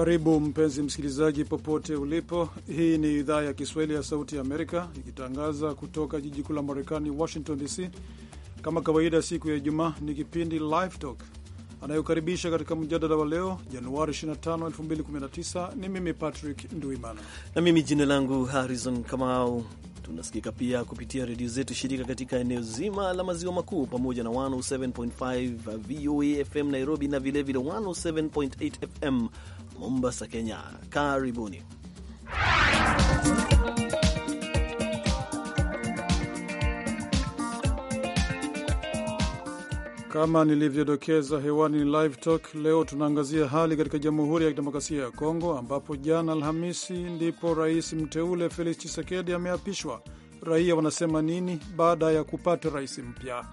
Karibu mpenzi msikilizaji, popote ulipo. Hii ni idhaa ya Kiswahili ya Sauti ya Amerika ikitangaza kutoka jiji kuu la Marekani, Washington DC. Kama kawaida, siku ya Ijumaa ni kipindi Live Talk anayokaribisha katika mjadala wa leo Januari 25, 2019. Ni mimi Patrick Nduimana na mimi jina langu Harrison Kamau. Tunasikika pia kupitia redio zetu shirika katika eneo zima la maziwa makuu pamoja na 107.5 VOA FM Nairobi na vilevile 107.8 FM Mombasa, Kenya. Karibuni. Kama nilivyodokeza hewani ni Live Talk. Leo tunaangazia hali katika Jamhuri ya Kidemokrasia ya Kongo, ambapo jana Alhamisi ndipo rais mteule Felix Tshisekedi ameapishwa. Raia wanasema nini baada ya kupata rais mpya?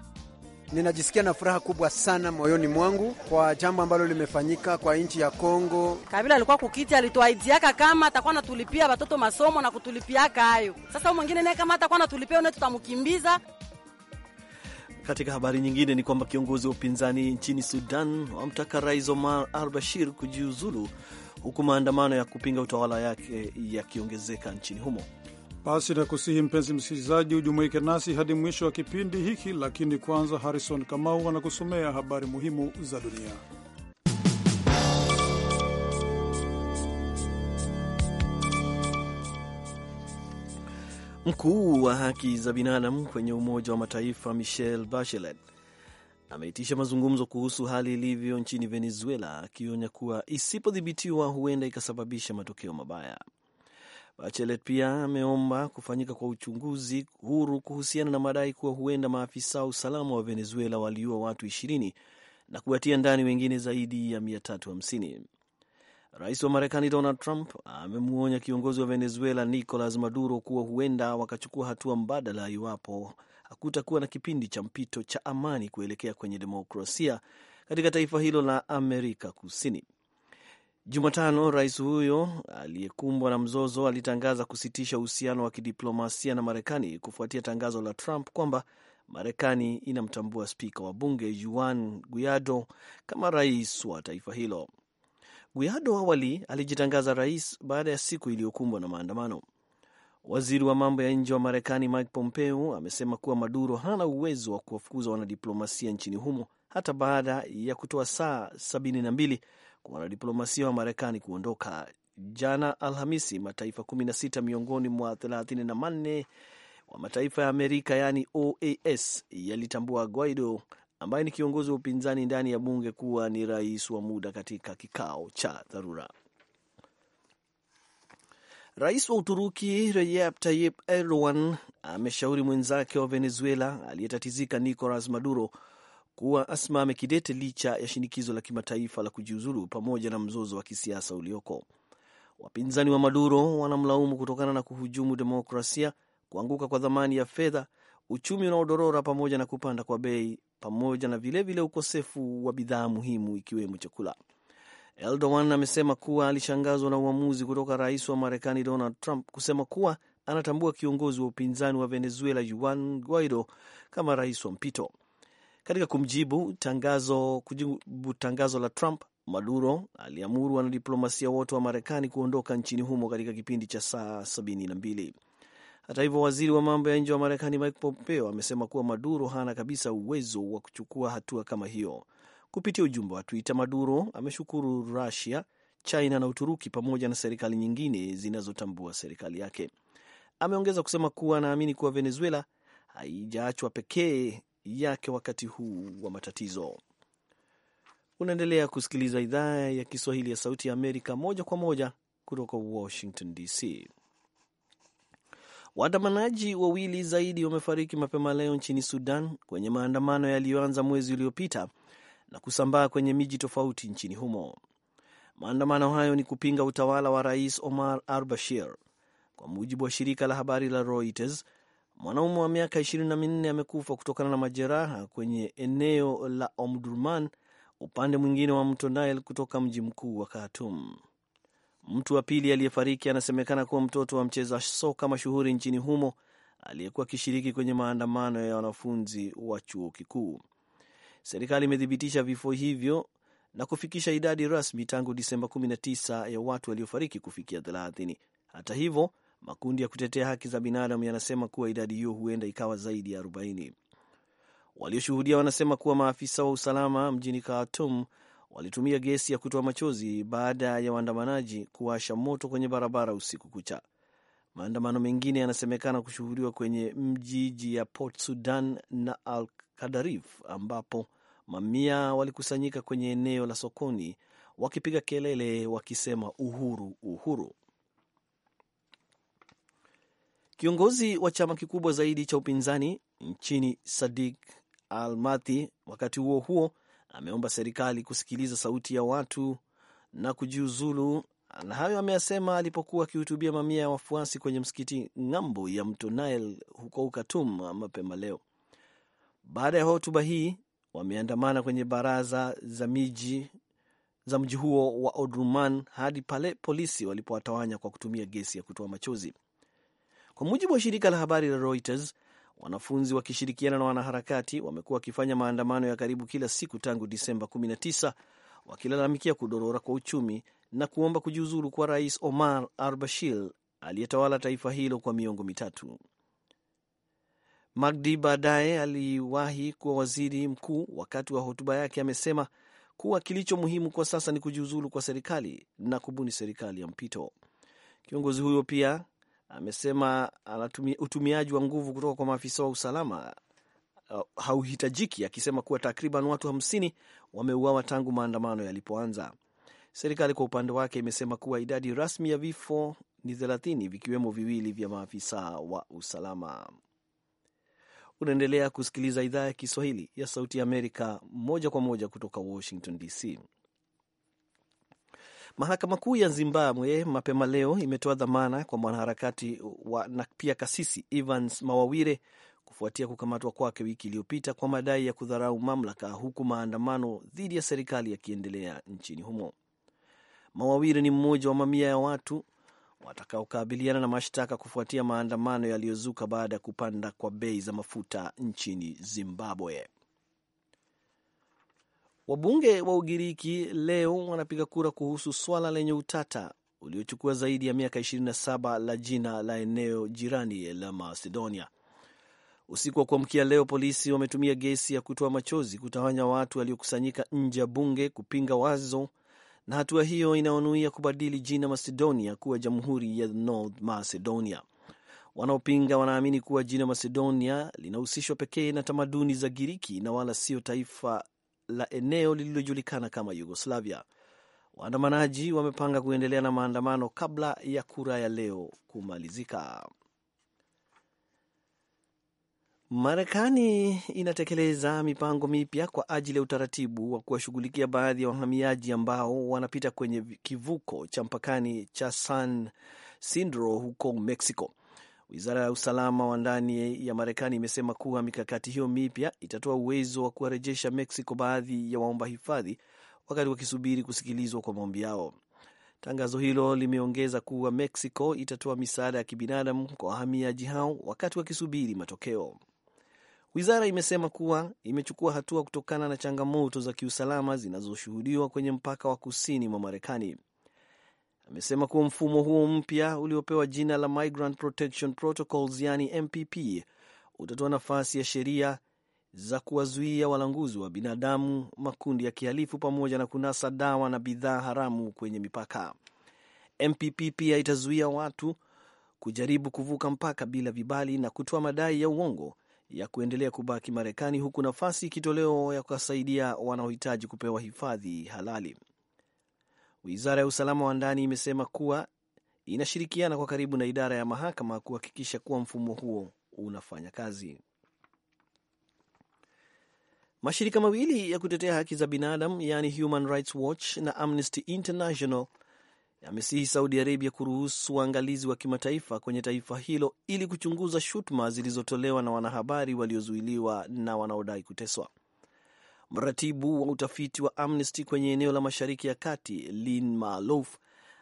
Ninajisikia na furaha kubwa sana moyoni mwangu kwa jambo ambalo limefanyika kwa nchi ya Kongo. Kabila alikuwa kukiti, alituaidiaka kama atakuwa natulipia watoto masomo na kutulipiaka hayo. Sasa mwingine naye kama atakuwa natulipia une, tutamkimbiza. Katika habari nyingine ni kwamba kiongozi wa upinzani nchini Sudan wamtaka Rais Omar al Bashir kujiuzulu huku maandamano ya kupinga utawala yake yakiongezeka nchini humo. Basi na kusihi mpenzi msikilizaji, hujumuike nasi hadi mwisho wa kipindi hiki, lakini kwanza, Harrison Kamau anakusomea habari muhimu za dunia. Mkuu wa haki za binadamu kwenye Umoja wa Mataifa Michelle Bachelet ameitisha mazungumzo kuhusu hali ilivyo nchini Venezuela, akionya kuwa isipodhibitiwa huenda ikasababisha matokeo mabaya. Bachelet pia ameomba kufanyika kwa uchunguzi huru kuhusiana na madai kuwa huenda maafisa usalama wa Venezuela waliua watu ishirini na kuwatia ndani wengine zaidi ya hamsini. Rais wa Marekani Donald Trump amemwonya kiongozi wa Venezuela Nicolas Maduro kuwa huenda wakachukua hatua mbadala iwapo hakutakuwa na kipindi cha mpito cha amani kuelekea kwenye demokrasia katika taifa hilo la Amerika Kusini. Jumatano, rais huyo aliyekumbwa na mzozo alitangaza kusitisha uhusiano wa kidiplomasia na Marekani kufuatia tangazo la Trump kwamba Marekani inamtambua spika wa bunge Juan Guaido kama rais wa taifa hilo. Guaido awali alijitangaza rais baada ya siku iliyokumbwa na maandamano. Waziri wa mambo ya nje wa Marekani Mike Pompeo amesema kuwa Maduro hana uwezo wa kuwafukuza wanadiplomasia nchini humo hata baada ya kutoa saa 72 kwa wanadiplomasia wa Marekani kuondoka jana Alhamisi. Mataifa 16 miongoni mwa 34 wa mataifa ya Amerika yaani OAS yalitambua Guaido ambaye ni kiongozi wa upinzani ndani ya bunge kuwa ni rais wa muda katika kikao cha dharura. Rais wa Uturuki Recep Tayyip Erdogan ameshauri mwenzake wa Venezuela aliyetatizika Nicolas Maduro kuwa asimame kidete licha ya shinikizo la kimataifa la kujiuzulu pamoja na mzozo wa kisiasa ulioko. Wapinzani wa Maduro wanamlaumu kutokana na kuhujumu demokrasia, kuanguka kwa dhamani ya fedha, uchumi unaodorora pamoja na kupanda kwa bei, pamoja na vilevile vile ukosefu wa bidhaa muhimu ikiwemo chakula. Erdogan amesema kuwa alishangazwa na uamuzi kutoka rais wa Marekani Donald Trump kusema kuwa anatambua kiongozi wa upinzani wa Venezuela Juan Guaido kama rais wa mpito. Katika kumjibu tangazo, kujibu tangazo la Trump, Maduro aliamuru wanadiplomasia wote wa Marekani kuondoka nchini humo katika kipindi cha saa mbili. Hata hivyo, waziri wa mambo ya nje wa Marekani Mike Pompeo amesema kuwa Maduro hana kabisa uwezo wa kuchukua hatua kama hiyo. Kupitia ujumbe wa Twitter, Maduro ameshukuru Rusia, China na Uturuki pamoja na serikali nyingine zinazotambua serikali yake. Ameongeza kusema kuwa anaamini kuwa Venezuela haijaachwa pekee yake wakati huu wa matatizo. Unaendelea kusikiliza idhaa ya Kiswahili ya Sauti ya Amerika moja kwa moja kutoka Washington DC. Waandamanaji wawili zaidi wamefariki mapema leo nchini Sudan kwenye maandamano yaliyoanza mwezi uliopita na kusambaa kwenye miji tofauti nchini humo. Maandamano hayo ni kupinga utawala wa Rais Omar al Bashir. Kwa mujibu wa shirika la habari la Reuters, Mwanaume wa miaka ishirini na minne amekufa kutokana na majeraha kwenye eneo la Omdurman, upande mwingine wa mto Nile kutoka mji mkuu wa Khartoum. Mtu wa pili aliyefariki anasemekana kuwa mtoto wa mcheza soka mashuhuri nchini humo aliyekuwa akishiriki kwenye maandamano ya wanafunzi wa chuo kikuu. Serikali imethibitisha vifo hivyo na kufikisha idadi rasmi tangu Disemba 19 ya watu waliofariki kufikia 30. Hata hivyo, Makundi ya kutetea haki za binadamu yanasema kuwa idadi hiyo huenda ikawa zaidi ya 40. Walioshuhudia wanasema kuwa maafisa wa usalama mjini Khartoum walitumia gesi ya kutoa machozi baada ya waandamanaji kuwasha moto kwenye barabara usiku kucha. Maandamano mengine yanasemekana kushuhudiwa kwenye mjiji ya Port Sudan na Al Kadarif, ambapo mamia walikusanyika kwenye eneo la sokoni wakipiga kelele wakisema uhuru, uhuru. Kiongozi wa chama kikubwa zaidi cha upinzani nchini Sadik mathi wakati huo huo, ameomba serikali kusikiliza sauti ya watu na kujiuzulu, na hayo ameyasema alipokuwa akihutubia mamia ya wafuasi kwenye msikiti ng'ambo ya mto Nile huko ukatum mapema leo. Baada ya hotuba hii, wameandamana kwenye baraza za miji za mji huo wa odruman hadi pale polisi walipowatawanya kwa kutumia gesi ya kutoa machozi. Kwa mujibu wa shirika la habari la Reuters, wanafunzi wakishirikiana na wanaharakati wamekuwa wakifanya maandamano ya karibu kila siku tangu Disemba 19 wakilalamikia kudorora kwa uchumi na kuomba kujiuzulu kwa Rais Omar al-Bashir aliyetawala taifa hilo kwa miongo mitatu. Magdi baadaye aliwahi kuwa waziri mkuu. Wakati wa hotuba yake amesema kuwa kilicho muhimu kwa sasa ni kujiuzulu kwa serikali na kubuni serikali ya mpito. Kiongozi huyo pia amesema utumiaji wa nguvu kutoka kwa maafisa wa usalama uh, hauhitajiki, akisema kuwa takriban watu hamsini wameuawa tangu maandamano yalipoanza. Serikali kwa upande wake imesema kuwa idadi rasmi ya vifo ni thelathini vikiwemo viwili vya maafisa wa usalama. Unaendelea kusikiliza idhaa ya Kiswahili ya Sauti ya Amerika moja kwa moja kutoka Washington DC. Mahakama Kuu ya Zimbabwe mapema leo imetoa dhamana kwa mwanaharakati wa na pia kasisi Evans Mawawire kufuatia kukamatwa kwake wiki iliyopita kwa madai ya kudharau mamlaka, huku maandamano dhidi ya serikali yakiendelea nchini humo. Mawawire ni mmoja wa mamia ya watu watakaokabiliana na mashtaka kufuatia maandamano yaliyozuka baada ya kupanda kwa bei za mafuta nchini Zimbabwe. Wabunge wa Ugiriki leo wanapiga kura kuhusu swala lenye utata uliochukua zaidi ya miaka 27 la jina la eneo jirani la Macedonia. Usiku wa kuamkia leo, polisi wametumia gesi ya kutoa machozi kutawanya watu waliokusanyika nje ya bunge kupinga wazo na hatua hiyo inaonuia kubadili jina Macedonia kuwa Jamhuri ya North Macedonia. Wanaopinga wanaamini kuwa jina Macedonia linahusishwa pekee na tamaduni za Giriki na wala sio taifa la eneo lililojulikana kama Yugoslavia. Waandamanaji wamepanga kuendelea na maandamano kabla ya kura ya leo kumalizika. Marekani inatekeleza mipango mipya kwa ajili ya utaratibu wa kuwashughulikia baadhi ya wahamiaji ambao wanapita kwenye kivuko cha mpakani cha San Sindro huko Mexico. Wizara ya usalama wa ndani ya Marekani imesema kuwa mikakati hiyo mipya itatoa uwezo wa kuwarejesha Mexico baadhi ya waomba hifadhi wakati wakisubiri kusikilizwa kwa maombi yao. Tangazo hilo limeongeza kuwa Mexico itatoa misaada ya kibinadamu kwa wahamiaji hao wakati wakisubiri matokeo. Wizara imesema kuwa imechukua hatua kutokana na changamoto za kiusalama zinazoshuhudiwa kwenye mpaka wa kusini mwa Marekani amesema kuwa mfumo huo mpya uliopewa jina la Migrant Protection Protocols, yani MPP, utatoa nafasi ya sheria za kuwazuia walanguzi wa binadamu, makundi ya kihalifu, pamoja na kunasa dawa na bidhaa haramu kwenye mipaka. MPP pia itazuia watu kujaribu kuvuka mpaka bila vibali na kutoa madai ya uongo ya kuendelea kubaki Marekani, huku nafasi ikitolewa ya kuwasaidia wanaohitaji kupewa hifadhi halali. Wizara ya usalama wa ndani imesema kuwa inashirikiana kwa karibu na idara ya mahakama kuhakikisha kuwa mfumo huo unafanya kazi. Mashirika mawili ya kutetea haki za binadamu yani Human Rights Watch na Amnesty International yamesihi Saudi Arabia kuruhusu waangalizi wa kimataifa kwenye taifa hilo ili kuchunguza shutuma zilizotolewa na wanahabari waliozuiliwa na wanaodai kuteswa. Mratibu wa utafiti wa Amnesty kwenye eneo la Mashariki ya Kati, Lin Maalouf,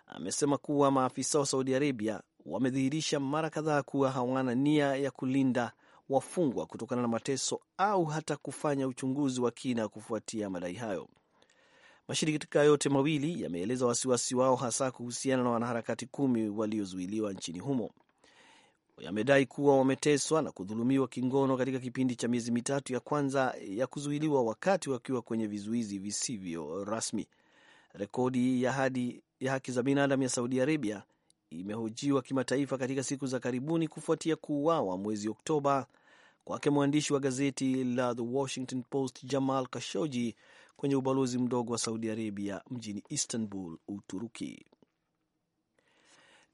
amesema kuwa maafisa wa Saudi Arabia wamedhihirisha mara kadhaa kuwa hawana nia ya kulinda wafungwa kutokana na mateso au hata kufanya uchunguzi wa kina kufuatia madai hayo. Mashirika yote mawili yameeleza wasiwasi wao hasa kuhusiana na wanaharakati kumi waliozuiliwa nchini humo yamedai kuwa wameteswa na kudhulumiwa kingono katika kipindi cha miezi mitatu ya kwanza ya kuzuiliwa wakati wakiwa kwenye vizuizi visivyo rasmi. Rekodi ya hadi ya haki za binadamu ya Saudi Arabia imehojiwa kimataifa katika siku za karibuni kufuatia kuuawa mwezi Oktoba kwake mwandishi wa gazeti la The Washington Post Jamal Khashoggi kwenye ubalozi mdogo wa Saudi Arabia mjini Istanbul, Uturuki.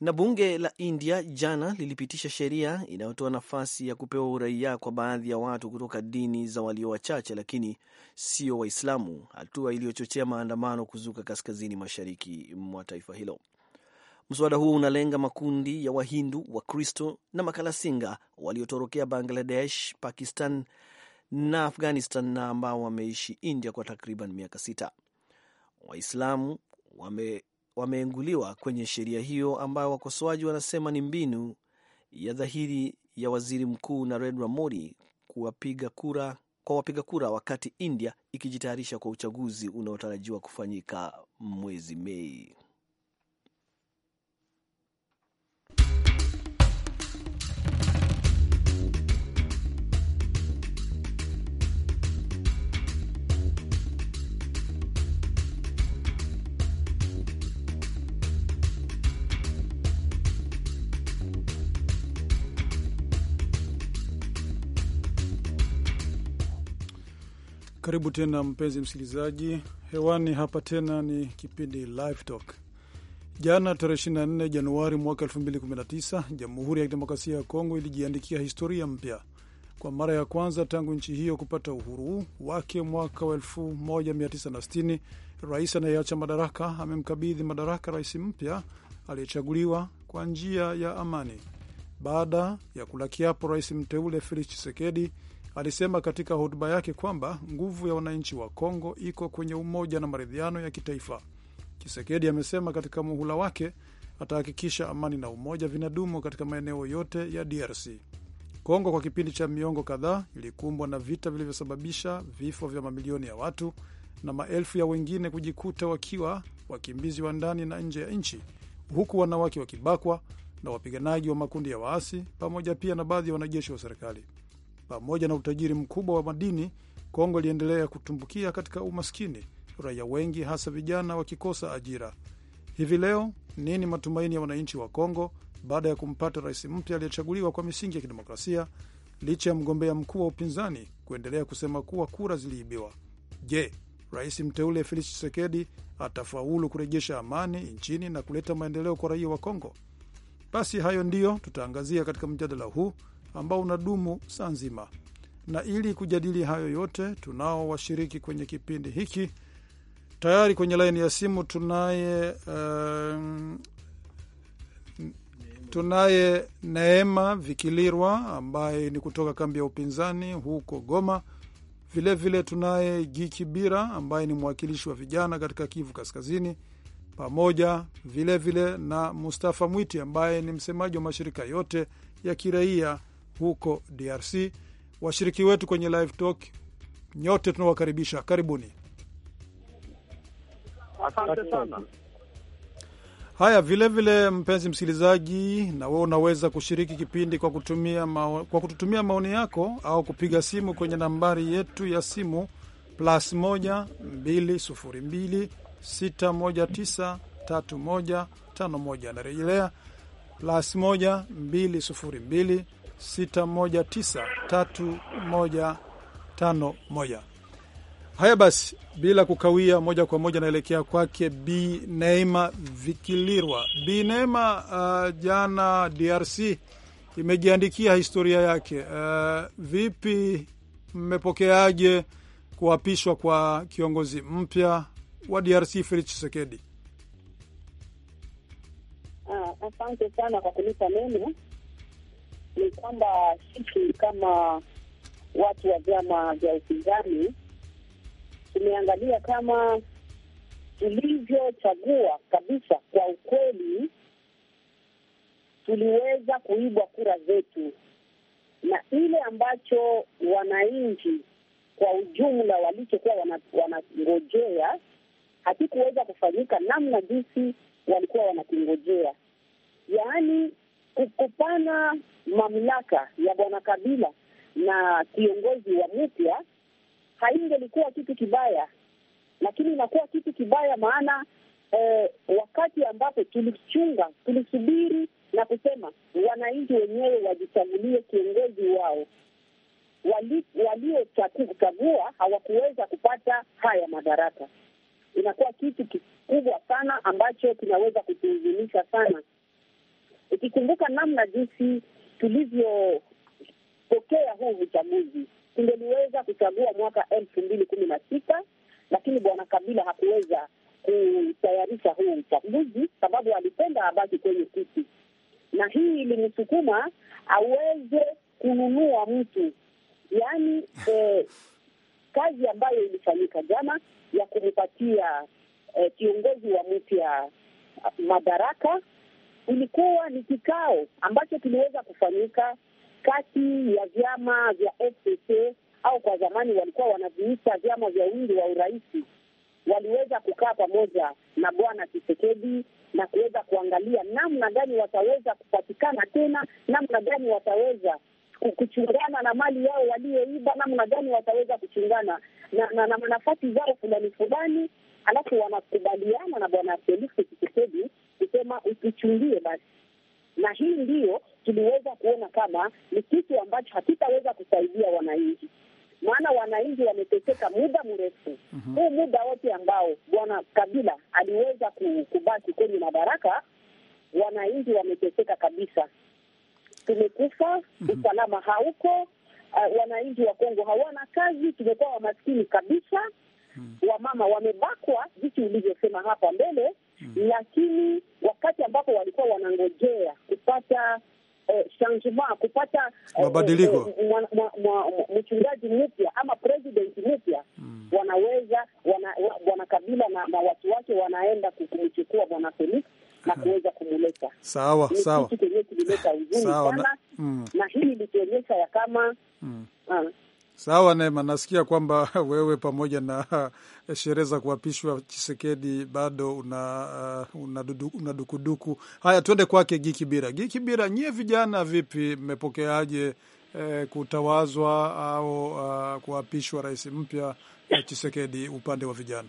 Na bunge la India jana lilipitisha sheria inayotoa nafasi ya kupewa uraia kwa baadhi ya watu kutoka dini za walio wachache, lakini sio Waislamu, hatua iliyochochea maandamano kuzuka kaskazini mashariki mwa taifa hilo. Mswada huo unalenga makundi ya Wahindu, Wakristo na makalasinga waliotorokea Bangladesh, Pakistan na Afghanistan na ambao wameishi India kwa takriban miaka sita. Waislamu wame wameenguliwa kwenye sheria hiyo ambayo wakosoaji wanasema ni mbinu ya dhahiri ya waziri mkuu Narendra Modi kuwapiga kura kwa wapiga kura wakati India ikijitayarisha kwa uchaguzi unaotarajiwa kufanyika mwezi Mei. Karibu tena mpenzi msikilizaji, hewani hapa tena ni kipindi Live Talk. Jana tarehe 24 Januari mwaka 2019, Jamhuri ya Kidemokrasia ya Kongo ilijiandikia historia mpya kwa mara ya kwanza tangu nchi hiyo kupata uhuru wake mwaka wa 1960. Rais anayeacha madaraka amemkabidhi madaraka rais mpya aliyechaguliwa kwa njia ya amani. Baada ya kula kiapo, rais mteule Felix Tshisekedi Alisema katika hotuba yake kwamba nguvu ya wananchi wa Kongo iko kwenye umoja na maridhiano ya kitaifa. chisekedi amesema katika muhula wake atahakikisha amani na umoja vinadumu katika maeneo yote ya DRC. Kongo kwa kipindi cha miongo kadhaa ilikumbwa na vita vilivyosababisha vifo vya mamilioni ya watu na maelfu ya wengine kujikuta wakiwa wakimbizi wa ndani na nje ya nchi, huku wanawake wakibakwa na wapiganaji wa makundi ya waasi pamoja pia na baadhi ya wanajeshi wa serikali. Pamoja na utajiri mkubwa wa madini, Kongo iliendelea kutumbukia katika umaskini, raia wengi hasa vijana wakikosa ajira. Hivi leo, nini matumaini ya wananchi wa Kongo baada ya kumpata rais mpya aliyechaguliwa kwa misingi ya kidemokrasia licha ya mgombea mkuu wa upinzani kuendelea kusema kuwa kura ziliibiwa? Je, rais mteule Felix Tshisekedi atafaulu kurejesha amani nchini na kuleta maendeleo kwa raia wa Kongo? Basi hayo ndiyo tutaangazia katika mjadala huu ambao unadumu saa nzima. Na ili kujadili hayo yote, tunao washiriki kwenye kipindi hiki tayari. Kwenye laini ya simu tunaye um, tunaye Neema Vikilirwa ambaye ni kutoka kambi ya upinzani huko Goma. Vilevile vile tunaye bira ambaye ni mwakilishi wa vijana katika Kivu Kaskazini, pamoja vilevile vile na Mustafa Mwiti ambaye ni msemaji wa mashirika yote ya kiraia huko DRC. Washiriki wetu kwenye live talk, nyote tunawakaribisha, karibuni. Asante sana. Haya, vilevile vile, mpenzi msikilizaji, na wewe unaweza kushiriki kipindi kwa kutumia mao, kwa kututumia maoni yako au kupiga simu kwenye nambari yetu ya simu plus 1 202 619 3151. Narejelea plus 1 202 6193151. Haya basi, bila kukawia, moja kwa moja naelekea kwake Bi Neema Vikilirwa. Bi Neema, uh, jana DRC imejiandikia historia yake. Uh, vipi, mmepokeaje kuapishwa kwa kiongozi mpya wa DRC Felix Tshisekedi? Ah, asante sana kwa kunipa neno ni kwamba sisi kama watu wa vyama vya upinzani tumeangalia kama tulivyochagua kabisa, kwa ukweli tuliweza kuibwa kura zetu, na ile ambacho wananchi kwa ujumla walichokuwa wanangojea wana hakikuweza kufanyika namna jinsi walikuwa wanakingojea, yaani kukopana mamlaka ya bwana Kabila na kiongozi wa mpya haingelikuwa kitu kibaya, lakini inakuwa kitu kibaya maana eh, wakati ambapo tulichunga, tulisubiri na kusema wananchi wenyewe wajichagulie kiongozi wao, waliochagua hawakuweza kupata haya madaraka. Inakuwa kitu kikubwa sana ambacho kinaweza kutuhuzunisha sana Ukikumbuka namna jinsi tulivyopokea huu uchaguzi, tungeliweza kuchagua mwaka elfu mbili kumi na sita, lakini bwana Kabila hakuweza kutayarisha huu uchaguzi sababu alipenda abaki kwenye kiti, na hii ilimsukuma aweze kununua mtu, yaani eh, kazi ambayo ilifanyika jana ya kumpatia eh, kiongozi wa mpya eh, madaraka ilikuwa ni kikao ambacho kiliweza kufanyika kati ya vyama vya FCC au kwa zamani walikuwa wanaviita vyama vya wingi wa urahisi Waliweza kukaa pamoja na Bwana Tshisekedi na kuweza kuangalia namna gani wataweza kupatikana tena, namna gani wataweza kuchungana na mali yao walioiba, namna gani wataweza kuchungana na, na, na, na nafasi zao fulani fulani alafu wanakubaliana na Bwana Felix Tshisekedi kusema usichungie basi, na hii ndiyo tuliweza kuona kama ni kitu ambacho hakitaweza kusaidia wananchi, maana wananchi wameteseka muda mrefu mhm. huu. -hmm. Muda wote ambao Bwana Kabila aliweza kubaki kwenye madaraka, wananchi wameteseka kabisa, tumekufa. mm -hmm. Usalama hauko. Uh, wananchi wa Kongo hawana kazi, tumekuwa wamaskini kabisa mm. Wamama wamebakwa jinsi ulivyosema hapa mbele mm. Lakini wakati ambapo walikuwa wanangojea kupata eh, kupata eh, mabadiliko eh, eh, mchungaji mpya ama president mpya mm. wanaweza wana, Bwana Kabila na, na watu wake wanaenda kumchukua Bwana Felix na mm. kuweza kumuleta sawa sawa, chenyewe kilileta uzuri sana na, mm. na hili likionyesha ya kama mm. uh, Sawa Neema, nasikia kwamba wewe pamoja na sherehe za kuapishwa Chisekedi bado una, uh, una, una dukuduku. Haya, tuende kwake Giki Bira. Giki Bira, nyie vijana vipi, mmepokeaje eh, kutawazwa au uh, kuapishwa rais mpya eh, Chisekedi upande wa vijana?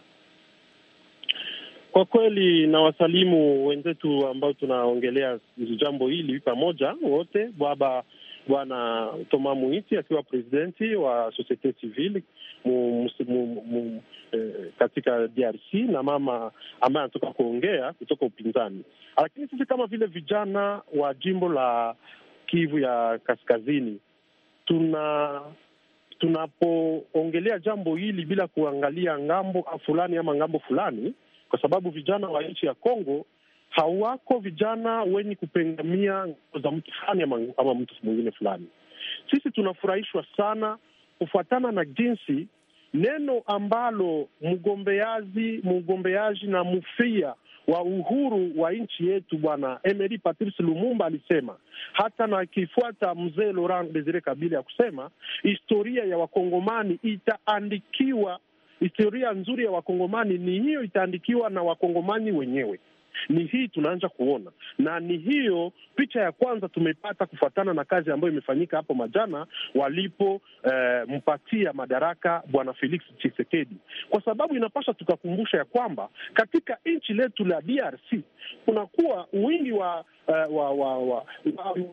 Kwa kweli na wasalimu wenzetu ambao tunaongelea jambo hili pamoja wote, baba Bwana Toma Muiti akiwa presidenti wa societe civile mu, mu, mu, eh, katika DRC na mama ambaye anatoka kuongea kutoka upinzani. Lakini sisi kama vile vijana wa jimbo la Kivu ya Kaskazini tuna tunapoongelea jambo hili bila kuangalia ngambo fulani ama ngambo fulani, kwa sababu vijana wa nchi ya Kongo hawako vijana wenye kupengamia nguo za mtu fulani ama, ama mtu mwingine fulani. Sisi tunafurahishwa sana kufuatana na jinsi neno ambalo mgombeazi mgombeaji na mfia wa uhuru wa nchi yetu Bwana Emery Patrice Lumumba alisema, hata na akifuata mzee Laurent Desire Kabila ya kusema historia ya wakongomani itaandikiwa. Historia nzuri ya wakongomani ni hiyo, itaandikiwa na wakongomani wenyewe. Ni hii tunaanza kuona, na ni hiyo picha ya kwanza tumeipata kufuatana na kazi ambayo imefanyika hapo majana walipompatia eh, madaraka bwana Felix Tshisekedi, kwa sababu inapaswa tukakumbusha ya kwamba katika nchi letu la DRC kunakuwa wingi wa, uh, wa, wa, wa,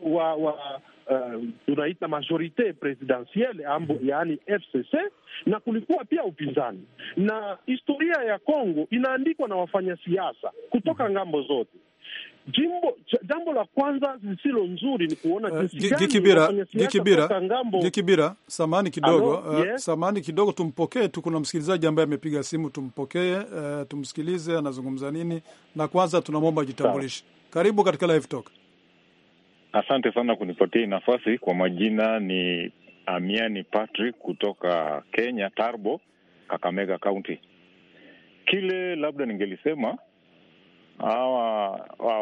wa, wa, wa Uh, tunaita uh, majorite presidentielle ambo, yaani FCC, na kulikuwa pia upinzani, na historia ya Kongo inaandikwa na wafanya siasa kutoka ngambo zote. Jimbo jambo la kwanza lisilo nzuri ni kuona uh, Dikibira, samani kidogo uh, yeah. Samani kidogo, tumpokee tu, kuna msikilizaji ambaye amepiga simu, tumpokee uh, tumsikilize anazungumza nini, na kwanza tunamwomba jitambulishe. Karibu katika live talk. Asante sana kunipatia nafasi. Kwa majina ni Amiani Patrick kutoka Kenya, Tarbo, Kakamega Kaunti. Kile labda ningelisema hawa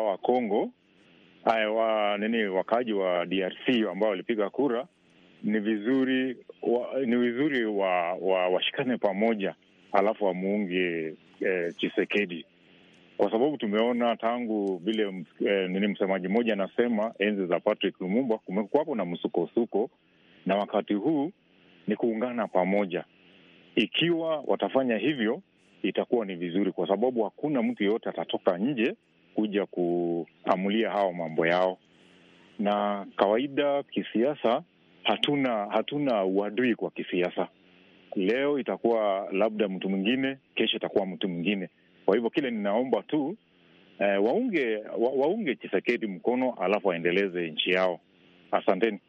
Wakongo wa, nini wakaaji wa DRC ambao walipiga kura, ni vizuri wa, ni vizuri wa, wa, washikane pamoja, alafu wamuunge eh, Chisekedi kwa sababu tumeona tangu vile eh, nini msemaji mmoja anasema enzi za Patrick Lumumba kumekuwapo na msukosuko, na wakati huu ni kuungana pamoja. Ikiwa watafanya hivyo itakuwa ni vizuri, kwa sababu hakuna mtu yeyote atatoka nje kuja kuamulia hawa mambo yao. Na kawaida kisiasa, hatuna hatuna uadui kwa kisiasa. Leo itakuwa labda mtu mwingine, kesho itakuwa mtu mwingine. Kwa hivyo kile ninaomba tu eh, waunge wa, waunge Chisekedi mkono alafu waendeleze nchi yao. Asanteni.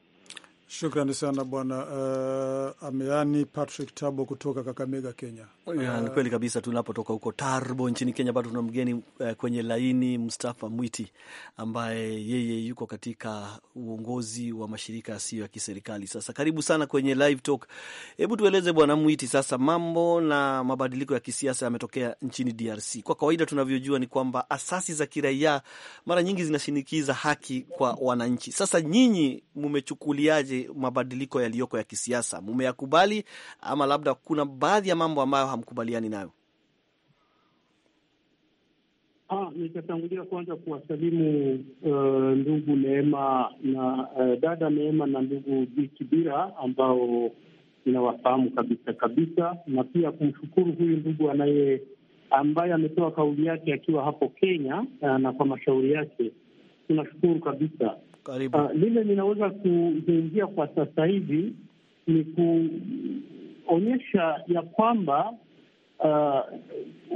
Shukrani sana bwana uh, ameani Patrick Tabo kutoka Kakamega, Kenya. Uh, ni kweli kabisa. Tunapotoka huko Tarbo nchini Kenya, bado tuna mgeni uh, kwenye laini, Mustafa Mwiti ambaye yeye yuko katika uongozi wa mashirika yasiyo ya kiserikali. Sasa karibu sana kwenye Live Talk. Hebu tueleze bwana Mwiti, sasa mambo na mabadiliko ya kisiasa yametokea nchini DRC. Kwa kawaida tunavyojua ni kwamba asasi za kiraia mara nyingi zinashinikiza haki kwa wananchi. Sasa nyinyi mumechukuliaje mabadiliko yaliyoko ya kisiasa, mumeyakubali ama labda kuna baadhi ya mambo ambayo hamkubaliani nayo? Ah, nitatangulia kwanza kuwasalimu uh, ndugu Neema na uh, dada Neema na ndugu Bikibira ambao inawafahamu kabisa kabisa, na pia kumshukuru huyu ndugu anaye ambaye ametoa kauli yake akiwa hapo Kenya eh, na kwa mashauri yake tunashukuru kabisa. Karibu. Uh, ah, lile ninaweza kuzungumzia kwa sasa hivi ni kuonyesha ya kwamba uh,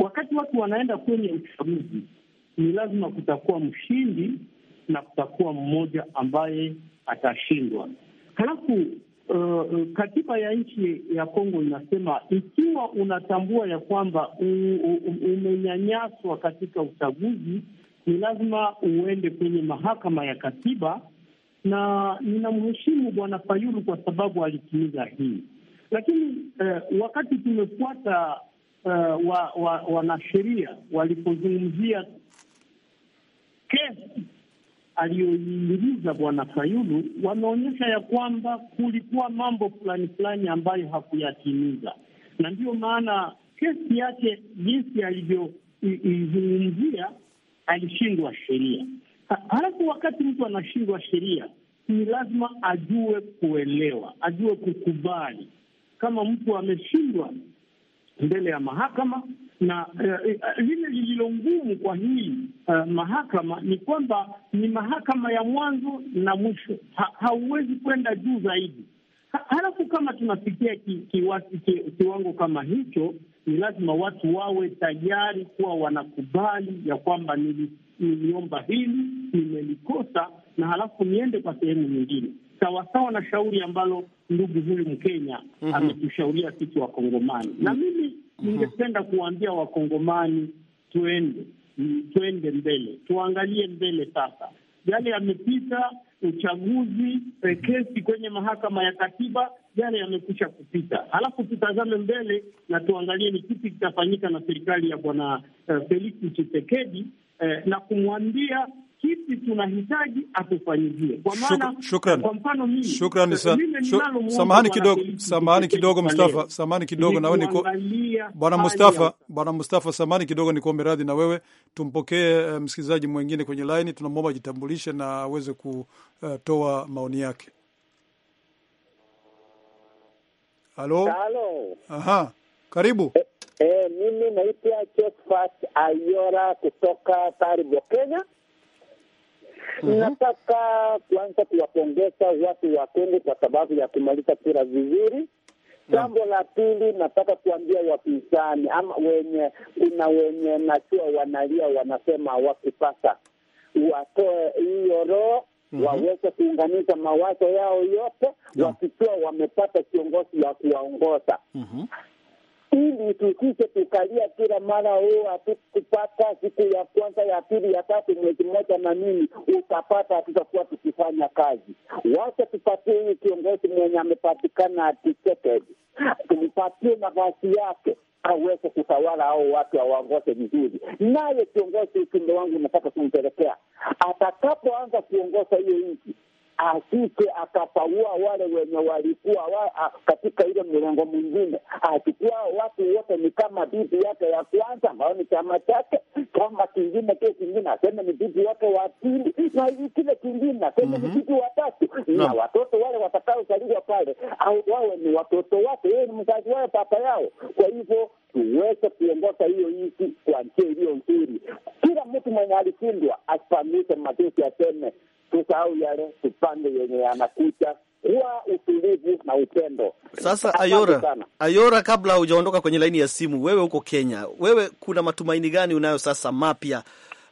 wakati watu wanaenda kwenye uchaguzi ni lazima kutakuwa mshindi na kutakuwa mmoja ambaye atashindwa. Halafu uh, katiba ya nchi ya Kongo inasema ikiwa unatambua ya kwamba umenyanyaswa katika uchaguzi ni lazima uende kwenye mahakama ya katiba, na ninamheshimu Bwana Fayulu kwa sababu alitimiza hii. Lakini eh, wakati tumefuata eh, wanasheria wa, wanasheria walipozungumzia kesi aliyoiingiza Bwana Fayulu, wameonyesha ya kwamba kulikuwa mambo fulani fulani ambayo hakuyatimiza, na ndiyo maana kesi yake jinsi alivyoizungumzia alishindwa sheria. Halafu wakati mtu anashindwa sheria, ni lazima ajue kuelewa, ajue kukubali kama mtu ameshindwa mbele ya mahakama. Na eh, eh, lile uh, lililo ngumu kwa hii uh, mahakama ni kwamba ni mahakama ya mwanzo na mwisho, ha, hauwezi kwenda juu zaidi. Halafu kama tunafikia ki, ki, ki, ki, kiwango kama hicho ni lazima watu wawe tayari kuwa wanakubali ya kwamba nili, niliomba hili nimelikosa, na halafu niende kwa sehemu nyingine, sawasawa na shauri ambalo ndugu huyu Mkenya mm -hmm. ametushauria sisi Wakongomani mm -hmm. na mhm. mimi ningependa mm -hmm. kuwaambia Wakongomani tuende tuende mbele, tuangalie mbele. Sasa yale yamepita, uchaguzi, kesi kwenye mahakama ya katiba yale yamekwisha kupita. Halafu tutazame mbele na tuangalie ni kipi kitafanyika na serikali ya bwana uh, Felix Tshisekedi uh, na kumwambia kipi tunahitaji atufanyie. Kwa maana kwa mfano mimi, shukrani eh, sana, samahani kidogo, samahani kidogo Mustafa, samahani kidogo na wewe niko bwana Mustafa, bwana Mustafa, samahani kidogo, kuombe radhi na wewe. Tumpokee msikilizaji mwingine kwenye line, tunamwomba ajitambulishe na aweze kutoa maoni yake. Halo. Halo. Aha. Karibu. E, e, mimi naitwa Chefat Ayora kutoka Taribo, Kenya. Mm-hmm. Nataka kuanza kuwapongeza watu wa Kongo kwa sababu ya kumaliza kura vizuri. Mhm. Jambo mm. la pili nataka kuambia wapinzani ama wenye, kuna wenye najua wanalia wanasema wakipasa watoe hiyo roho mm -hmm. waweze kuunganisha mawazo yao yote yeah. wakikiwa wamepata kiongozi ya kuwaongoza mm -hmm ili tusije tukalia kila mara huu oh, hatukupata siku ya kwanza ya pili ya tatu mwezi mmoja na nini, utapata hatutakuwa tukifanya kazi. Wacha tupatie huyu kiongozi mwenye amepatikana, tumpatie nafasi yake aweze kutawala au watu awaongoze vizuri. Naye kiongozi upinde wangu unataka kumpelekea atakapoanza kuongoza hiyo nchi asike akapaua wale wenye walikuwa wa, katika ile mlengo mwingine, achukua watu wote. Ni kama bibi yake ya kwanza ambayo ni chama chake, kama kingine kile kingine aseme ni bibi wake wa pili, na kile kingine aseme ni mhm. bibi wa tatu, na watoto wale watakaozaliwa pale au wawe ni watoto wake, yeye ni mzazi wao, papa yao. Kwa hivyo tuweze kuongoza hiyo nchi kwa njia iliyo nzuri. Kila mtu mwenye alishindwa asimamishe magezi, aseme tusahau yale upande yenye yanakucha huwa utulivu na upendo. Sasa Ayora Ayora, kabla hujaondoka kwenye laini ya simu, wewe huko Kenya, wewe kuna matumaini gani unayo sasa mapya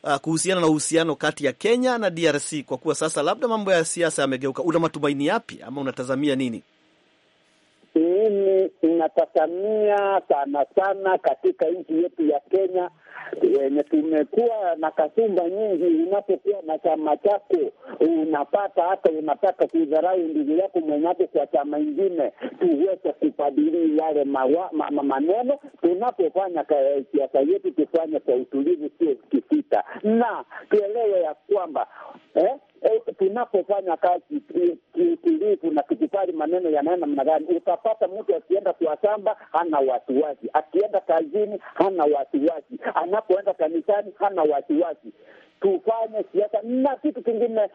uh, kuhusiana na uhusiano kati ya Kenya na DRC, kwa kuwa sasa labda mambo ya siasa yamegeuka? Una matumaini yapi ama unatazamia nini? mimi inatatania sana sana katika nchi yetu ya Kenya yenye tumekuwa na kasumba nyingi. Unapokuwa na chama chako, unapata hata unataka kudharau ndugu yako mwenyako kwa chama ingine, tuweze kubadili yale ma, ma, maneno. Tunapofanya eh, siasa yetu tufanye kwa utulivu, sio kisita, na tuelewe ya kwamba eh, Eh, tunapofanya kazi kiutulivu na kukubali maneno yanayo namna gani, utapata mtu akienda kwa shamba hana wasiwasi, akienda kazini hana wasiwasi, anapoenda kanisani hana wasiwasi. Tufanye siasa na kitu kingine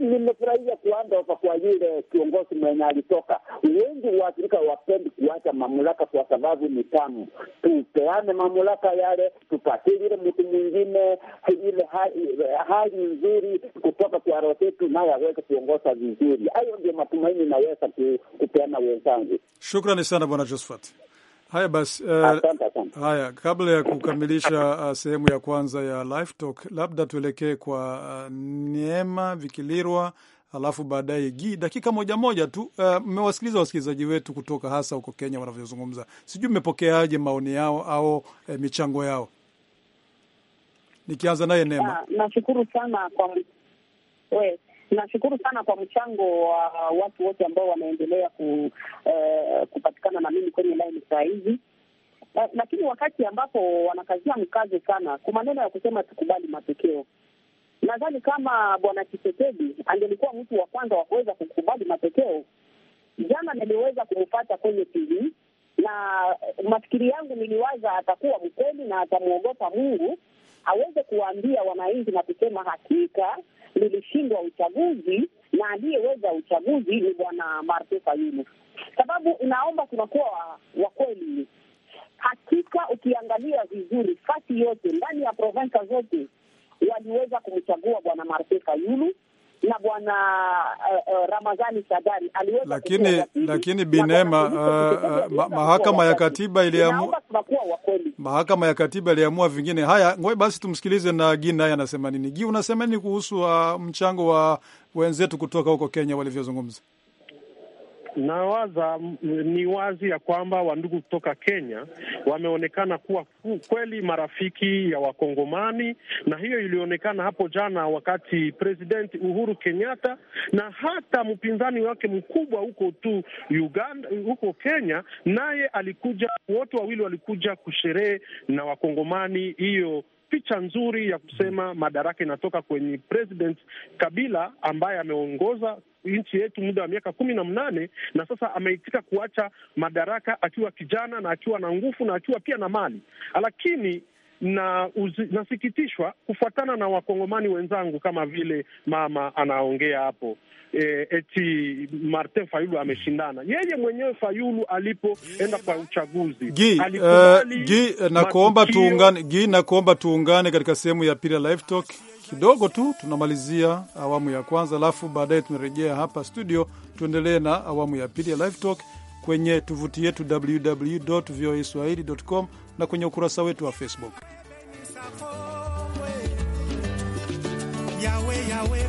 nimefurahia kuanda hapa kwa yule kiongozi mwenye alitoka. Wengi wa Afrika wapendi kuacha mamlaka kwa sababu ni tamu. Tupeane mamlaka yale, tupatilile yule mtu mwingine ile hali nzuri kutoka kwa roho naye aweze kuongoza vizuri. Hayo ndio matumaini naweza kupeana wenzangu. Shukrani sana Bwana josfat Haya basi, uh, haya kabla ya kukamilisha uh, sehemu ya kwanza ya live talk, labda tuelekee kwa uh, Neema Vikilirwa alafu baadaye Gi, dakika moja moja tu. Mmewasikiliza uh, wasikilizaji wetu kutoka hasa huko Kenya wanavyozungumza, sijui mmepokeaje maoni yao au uh, michango yao. Nikianza naye Neema, ah, nashukuru sana kwa we Nashukuru sana kwa mchango wa uh, watu wote ambao wanaendelea ku, uh, kupatikana na mimi kwenye laini saa hizi uh, lakini wakati ambapo wanakazia mkazo sana kwa maneno ya kusema tukubali matokeo, nadhani kama bwana Tshisekedi angelikuwa mtu wa kwanza wa kuweza kukubali matokeo, jana niliweza kumpata kwenye TV na mafikiri yangu niliwaza atakuwa mkweli na atamwogopa Mungu aweze kuwaambia wananchi na kusema hakika lilishindwa uchaguzi na aliyeweza uchaguzi ni bwana Martin Fayulu, sababu inaomba tunakuwa wa kweli. Hakika ukiangalia vizuri, kati yote ndani ya provensa zote waliweza kumchagua bwana Martin Fayulu na bwana uh, uh, Ramadhani Sadari aliweza lakini lakini Binema uh, uh, mahakama ya katiba iliamua mahakama ya katiba iliamua vingine. Haya, ngoi basi tumsikilize na Gi naye anasema nini. Gi, unasema nini kuhusu uh, mchango wa wenzetu kutoka huko Kenya walivyozungumza? nawaza ni wazi ya kwamba wandugu kutoka Kenya wameonekana kuwa kweli marafiki ya Wakongomani, na hiyo ilionekana hapo jana wakati President Uhuru Kenyatta na hata mpinzani wake mkubwa huko tu Uganda, huko Kenya, naye alikuja, wote wawili walikuja kusherehe na Wakongomani hiyo picha nzuri ya kusema mm. madaraka inatoka kwenye President Kabila ambaye ameongoza nchi yetu muda wa miaka kumi na mnane na sasa ameitika kuacha madaraka akiwa kijana na akiwa na nguvu na akiwa pia na mali, lakini na uzi, nasikitishwa kufuatana na wakongomani wenzangu kama vile mama anaongea hapo e, eti Martin Fayulu ameshindana yeye mwenyewe. Fayulu alipoenda kwa uchaguzi gi, uh, gi eh, nakuomba tuungane, gi nakuomba tuungane katika sehemu ya pili ya live talk kidogo tu, tunamalizia awamu ya kwanza, alafu baadaye tunarejea hapa studio tuendelee na awamu ya pili ya live talk kwenye tovuti yetu www voa swahili com na kwenye ukurasa wetu wa Facebook. Yawe, yawe,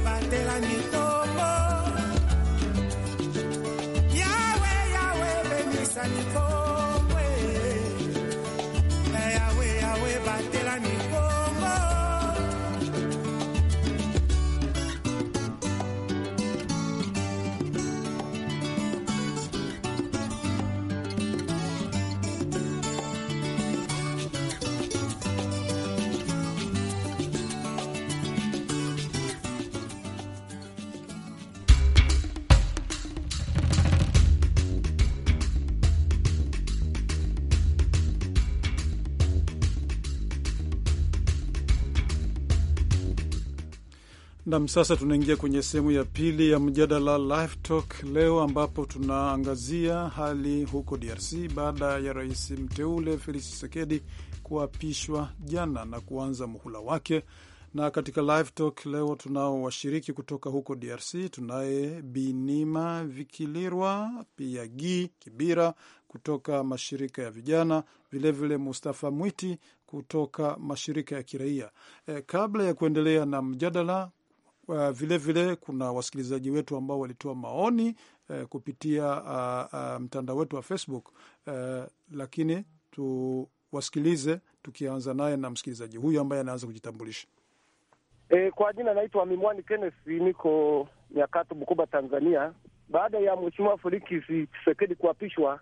Nam, sasa tunaingia kwenye sehemu ya pili ya mjadala Live Talk leo, ambapo tunaangazia hali huko DRC baada ya rais mteule Felix Tshisekedi kuapishwa jana na kuanza muhula wake. Na katika Live Talk leo tunao washiriki kutoka huko DRC. Tunaye Binima Vikilirwa pia Gi Kibira kutoka mashirika ya vijana, vilevile Mustafa Mwiti kutoka mashirika ya kiraia. E, kabla ya kuendelea na mjadala Vilevile uh, vile, kuna wasikilizaji wetu ambao walitoa maoni eh, kupitia uh, uh, mtandao wetu wa Facebook eh, lakini tuwasikilize tukianza naye na msikilizaji huyu ambaye anaanza kujitambulisha. E, kwa jina naitwa Mimwani Kenneth, niko Nyakato, Bukoba, Tanzania. Baada ya Mheshimiwa Felix Tshisekedi kuapishwa,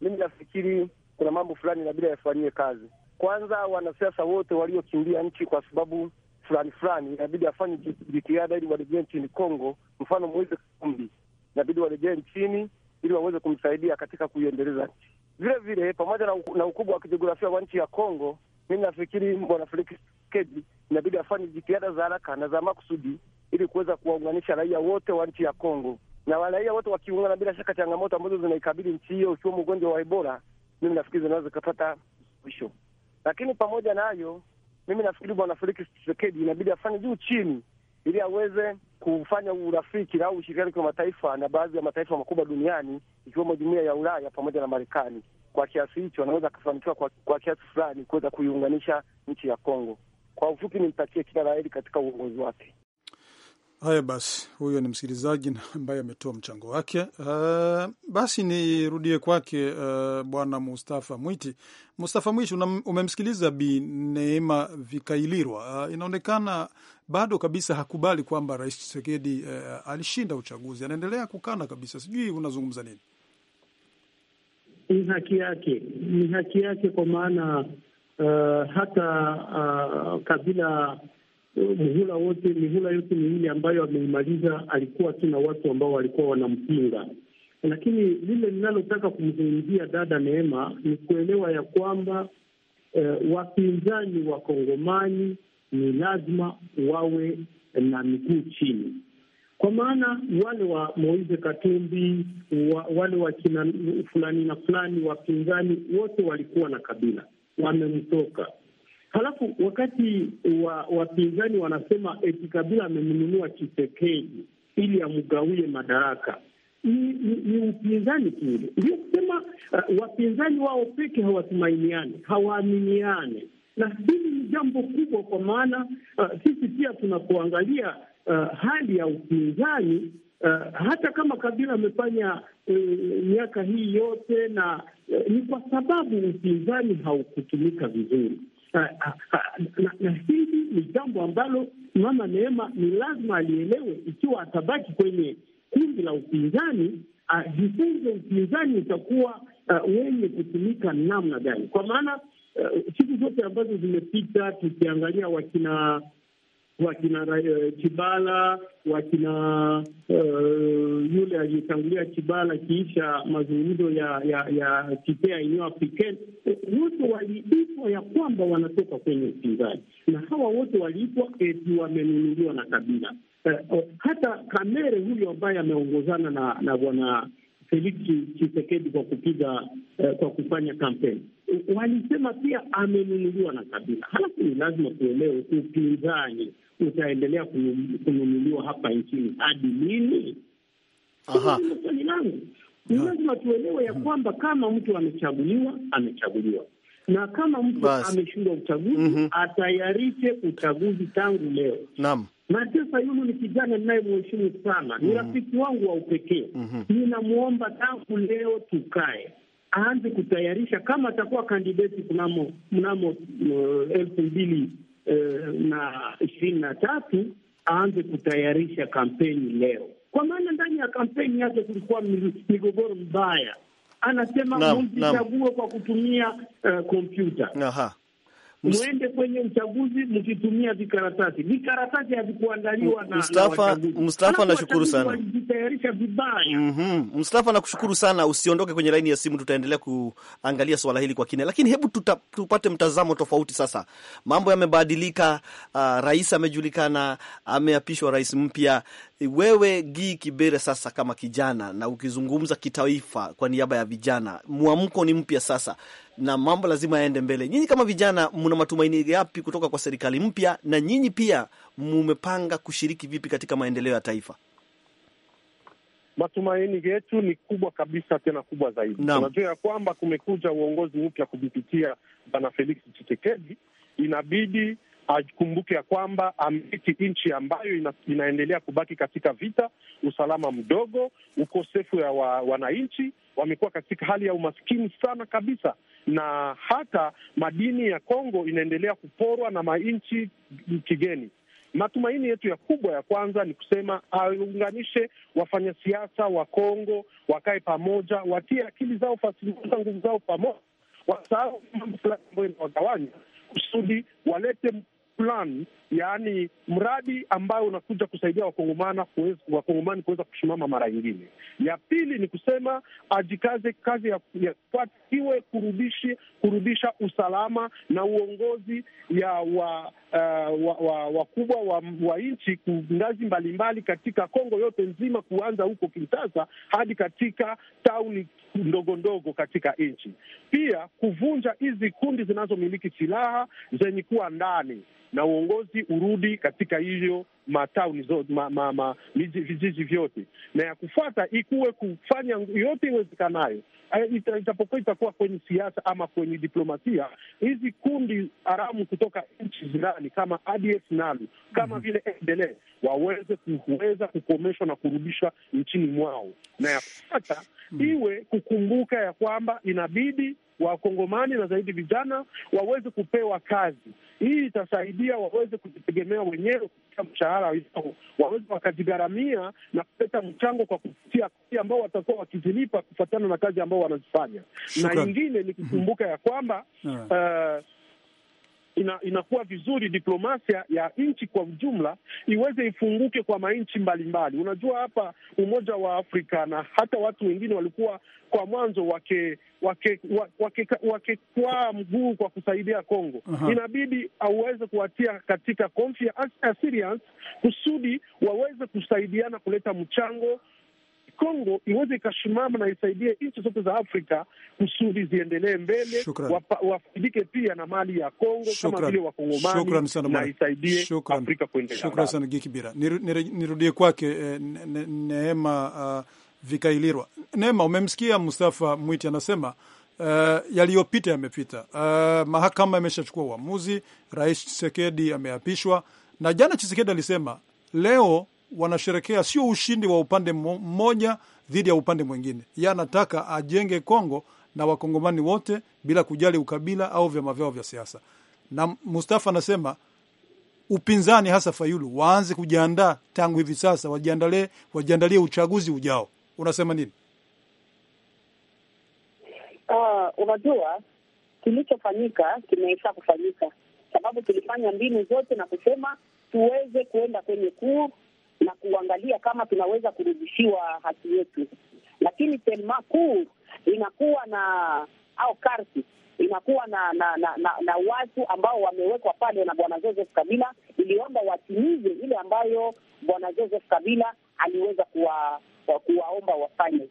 mimi nafikiri kuna mambo fulani inabidi yafanyie kazi. Kwanza, wanasiasa wote waliokimbia nchi kwa sababu fulani fulani, inabidi afanye jitihada ili warejee nchini Kongo. Mfano Moise Kumbi, inabidi warejee nchini ili waweze kumsaidia katika kuiendeleza nchi. Vile vile pamoja na, na ukubwa wa kijiografia wa nchi ya Kongo, mi nafikiri bwana Felix Tshisekedi inabidi afanye jitihada za haraka na za makusudi ili kuweza kuwaunganisha raia wote wa nchi ya Kongo, na waraia wote wakiungana, bila shaka changamoto ambazo zinaikabili nchi hiyo ukiwemo ugonjwa wa Ebola, mimi nafikiri zinaweza zikapata suluhisho. Lakini pamoja na hayo mimi nafikiri bwana Felix Tshisekedi inabidi afanye juu chini, ili aweze kufanya urafiki au ushirikiano kwa mataifa na baadhi ya mataifa makubwa duniani ikiwemo jumuiya ya Ulaya pamoja na Marekani. Kwa kiasi hicho anaweza akafanikiwa kwa, kwa kiasi fulani kuweza kuiunganisha nchi ya Kongo. Kwa ufupi, nimtakie kila la heri katika uongozi wake. Haya basi, huyo ni msikilizaji ambaye ametoa mchango wake. Uh, basi nirudie kwake uh, bwana Mustafa Mwiti. Mustafa Mwiti, umemsikiliza Bi Neema Vikailirwa. Uh, inaonekana bado kabisa hakubali kwamba Rais chisekedi uh, alishinda uchaguzi, anaendelea kukana kabisa. Sijui unazungumza nini? Ni haki yake, ni haki yake kwa maana uh, hata uh, kabila muhula wote, mihula yote miwili ambayo ameimaliza, alikuwa tu na watu ambao walikuwa wanampinga. Lakini lile linalotaka kumzungumzia dada Neema ni kuelewa ya kwamba eh, wapinzani wa Kongomani ni lazima wawe na miguu chini, kwa maana wale wa Moise Katumbi wa, wale wa kina fulani na fulani wapinzani wote walikuwa na kabila wamemtoka Halafu wakati wa wapinzani wanasema eti Kabila amemnunua Chisekedi ili amgawie madaraka, ni, ni, ni upinzani tu Ndio kusema uh, wapinzani wao peke hawatumainiane, hawaaminiane, na hili ni jambo kubwa, kwa maana uh, sisi pia tunapoangalia uh, hali ya upinzani Uh, hata kama Kabila amefanya uh, miaka uh, hii yote na uh, ni kwa sababu upinzani haukutumika vizuri. Ah, ah, ah, na hili ni jambo ambalo Mama Neema ni lazima alielewe. Ikiwa atabaki kwenye kundi la upinzani, ajifunze upinzani utakuwa wenye kutumika namna gani, kwa maana siku zote ambazo zimepita tukiangalia wakina wakina eh, Kibala, wakina uh, eh, yule aliyetangulia Kibala, kiisha mazungumzo ya ya ya Kipea Union Afrikan, eh, wote waliitwa ya kwamba wanatoka kwenye upinzani, na hawa wote waliitwa eti wamenunuliwa na Kabila. Uh, hata Kamere huyo ambaye ameongozana na na bwana Felix chisekedi kwa kupiga uh, kwa kufanya kampeni walisema pia amenunuliwa na Kabila. Halafu ni lazima tuelewe, upinzani utaendelea kununuliwa hapa nchini hadi lini? Hilo swali langu. Ni lazima tuelewe ya kwamba kama mtu amechaguliwa, amechaguliwa na kama mtu ameshindwa uchaguzi mm -hmm. atayarishe uchaguzi tangu leo. Naam. Matesa Sayulu ni kijana ninayemheshimu sana, ni mhm. rafiki wangu wa upekee mm -hmm. Ninamwomba tangu leo tukae aanze kutayarisha kama atakuwa kandidati mnamo mnamo uh, elfu mbili uh, na ishirini na tatu aanze kutayarisha kampeni leo, kwa maana ndani ya kampeni yake kulikuwa migogoro mbaya. Anasema msichague kwa kutumia kompyuta. Uh, mwende kwenye uchaguzi mkitumia vikaratasi. Vikaratasi havikuandaliwa na Mustafa. Mustafa, nashukuru sana, walijitayarisha vibaya. Mm-hmm. Mustafa, nakushukuru sana, usiondoke kwenye laini ya simu, tutaendelea kuangalia swala hili kwa kina, lakini hebu tuta, tupate mtazamo tofauti sasa. Mambo yamebadilika. Uh, rais amejulikana, ameapishwa rais mpya. Wewe Gi Kibere, sasa kama kijana na ukizungumza kitaifa kwa niaba ya vijana, mwamko ni mpya sasa na mambo lazima yaende mbele. Nyinyi kama vijana, mna matumaini yapi kutoka kwa serikali mpya, na nyinyi pia mumepanga kushiriki vipi katika maendeleo ya taifa? Matumaini yetu ni kubwa kabisa, tena kubwa zaidi. Tunajua ya kwamba kumekuja uongozi mpya kupitia Bwana Felix Tshisekedi, inabidi akumbuke ya kwamba amiliki nchi ambayo ina, inaendelea kubaki katika vita, usalama mdogo, ukosefu ya wa, wananchi wamekuwa katika hali ya umaskini sana kabisa, na hata madini ya Kongo inaendelea kuporwa na manchi kigeni. Matumaini yetu ya kubwa ya kwanza ni kusema aunganishe wafanyasiasa wa Kongo, wakae pamoja, watie akili zao fasilia, nguvu zao pamoja, wasahau mambo fulani ambayo inawagawanya kusudi walete plan, yaani mradi ambayo unakuja kusaidia wakongomana kuweza, wakongomani kuweza kusimama mara nyingine. Ya pili ni kusema ajikaze kazi ya, ya iwe kurudishi, kurudisha usalama na uongozi ya wa uh, wa, wa, wa, wa nchi ngazi mbalimbali katika Kongo yote nzima, kuanza huko Kinshasa hadi katika tauni ndogo ndogo katika nchi. Pia kuvunja hizi kundi zinazomiliki silaha zenye kuwa ndani na uongozi urudi katika hiyo matauni ma, ma, ma, vijiji vyote, na ya kufuata ikuwe kufanya yote iwezekanayo, eh, itapokuwa itakuwa kwenye siasa ama kwenye diplomasia, hizi kundi haramu kutoka nchi jirani kama ADF NALU kama mhm. vile endele waweze kuweza kukomeshwa na kurudishwa nchini mwao, na ya kufuata mhm. iwe kukumbuka ya kwamba inabidi Wakongomani na zaidi vijana waweze kupewa kazi. Hii itasaidia waweze kujitegemea wenyewe kupitia mshahara wao, waweze wakajigharamia na kuleta mchango kwa kupitia kazi ambao watakuwa wakizilipa kufuatana na kazi ambao wanazifanya, na ingine ni kukumbuka ya kwamba uh, ina, inakuwa vizuri diplomasia ya nchi kwa ujumla iweze ifunguke kwa manchi mbalimbali. Unajua, hapa Umoja wa Afrika na hata watu wengine walikuwa kwa mwanzo wake wakekwaa wake, wake mguu kwa kusaidia Kongo. uh -huh. Inabidi auweze kuwatia katika konfi kusudi waweze kusaidiana kuleta mchango Kongo iweze ikasimama na isaidie nchi zote za Afrika kusudi ziendelee mbele, wafaidike pia na mali ya Kongo kama vile Wakongomani, na isaidie Afrika kuendelea. Shukran sana Gikibira. Nirudie kwake eh, Neema uh, Vikailirwa. Neema, umemsikia Mustafa Mwiti anasema Uh, yaliyopita yamepita. Uh, mahakama imeshachukua uamuzi, Rais Chisekedi ameapishwa, na jana Chisekedi alisema leo wanasherekea sio ushindi wa upande mmoja dhidi ya upande mwingine. Yeye anataka ajenge Kongo na wakongomani wote bila kujali ukabila au vyama vyao vya siasa. Na Mustafa anasema upinzani, hasa Fayulu, waanze kujiandaa tangu hivi sasa, wajiandalie, wajiandalie uchaguzi ujao. Unasema nini? Uh, unajua kilichofanyika kimeisha kufanyika, sababu tulifanya mbinu zote na kusema tuweze kuenda kwenye kuu na kuangalia kama tunaweza kurudishiwa haki yetu, lakini tema kuu inakuwa na au karti inakuwa na na, na na na watu ambao wamewekwa pale na Bwana Joseph Kabila, iliomba watimize ile ambayo Bwana Joseph Kabila aliweza kuwa, kuwaomba wafanye.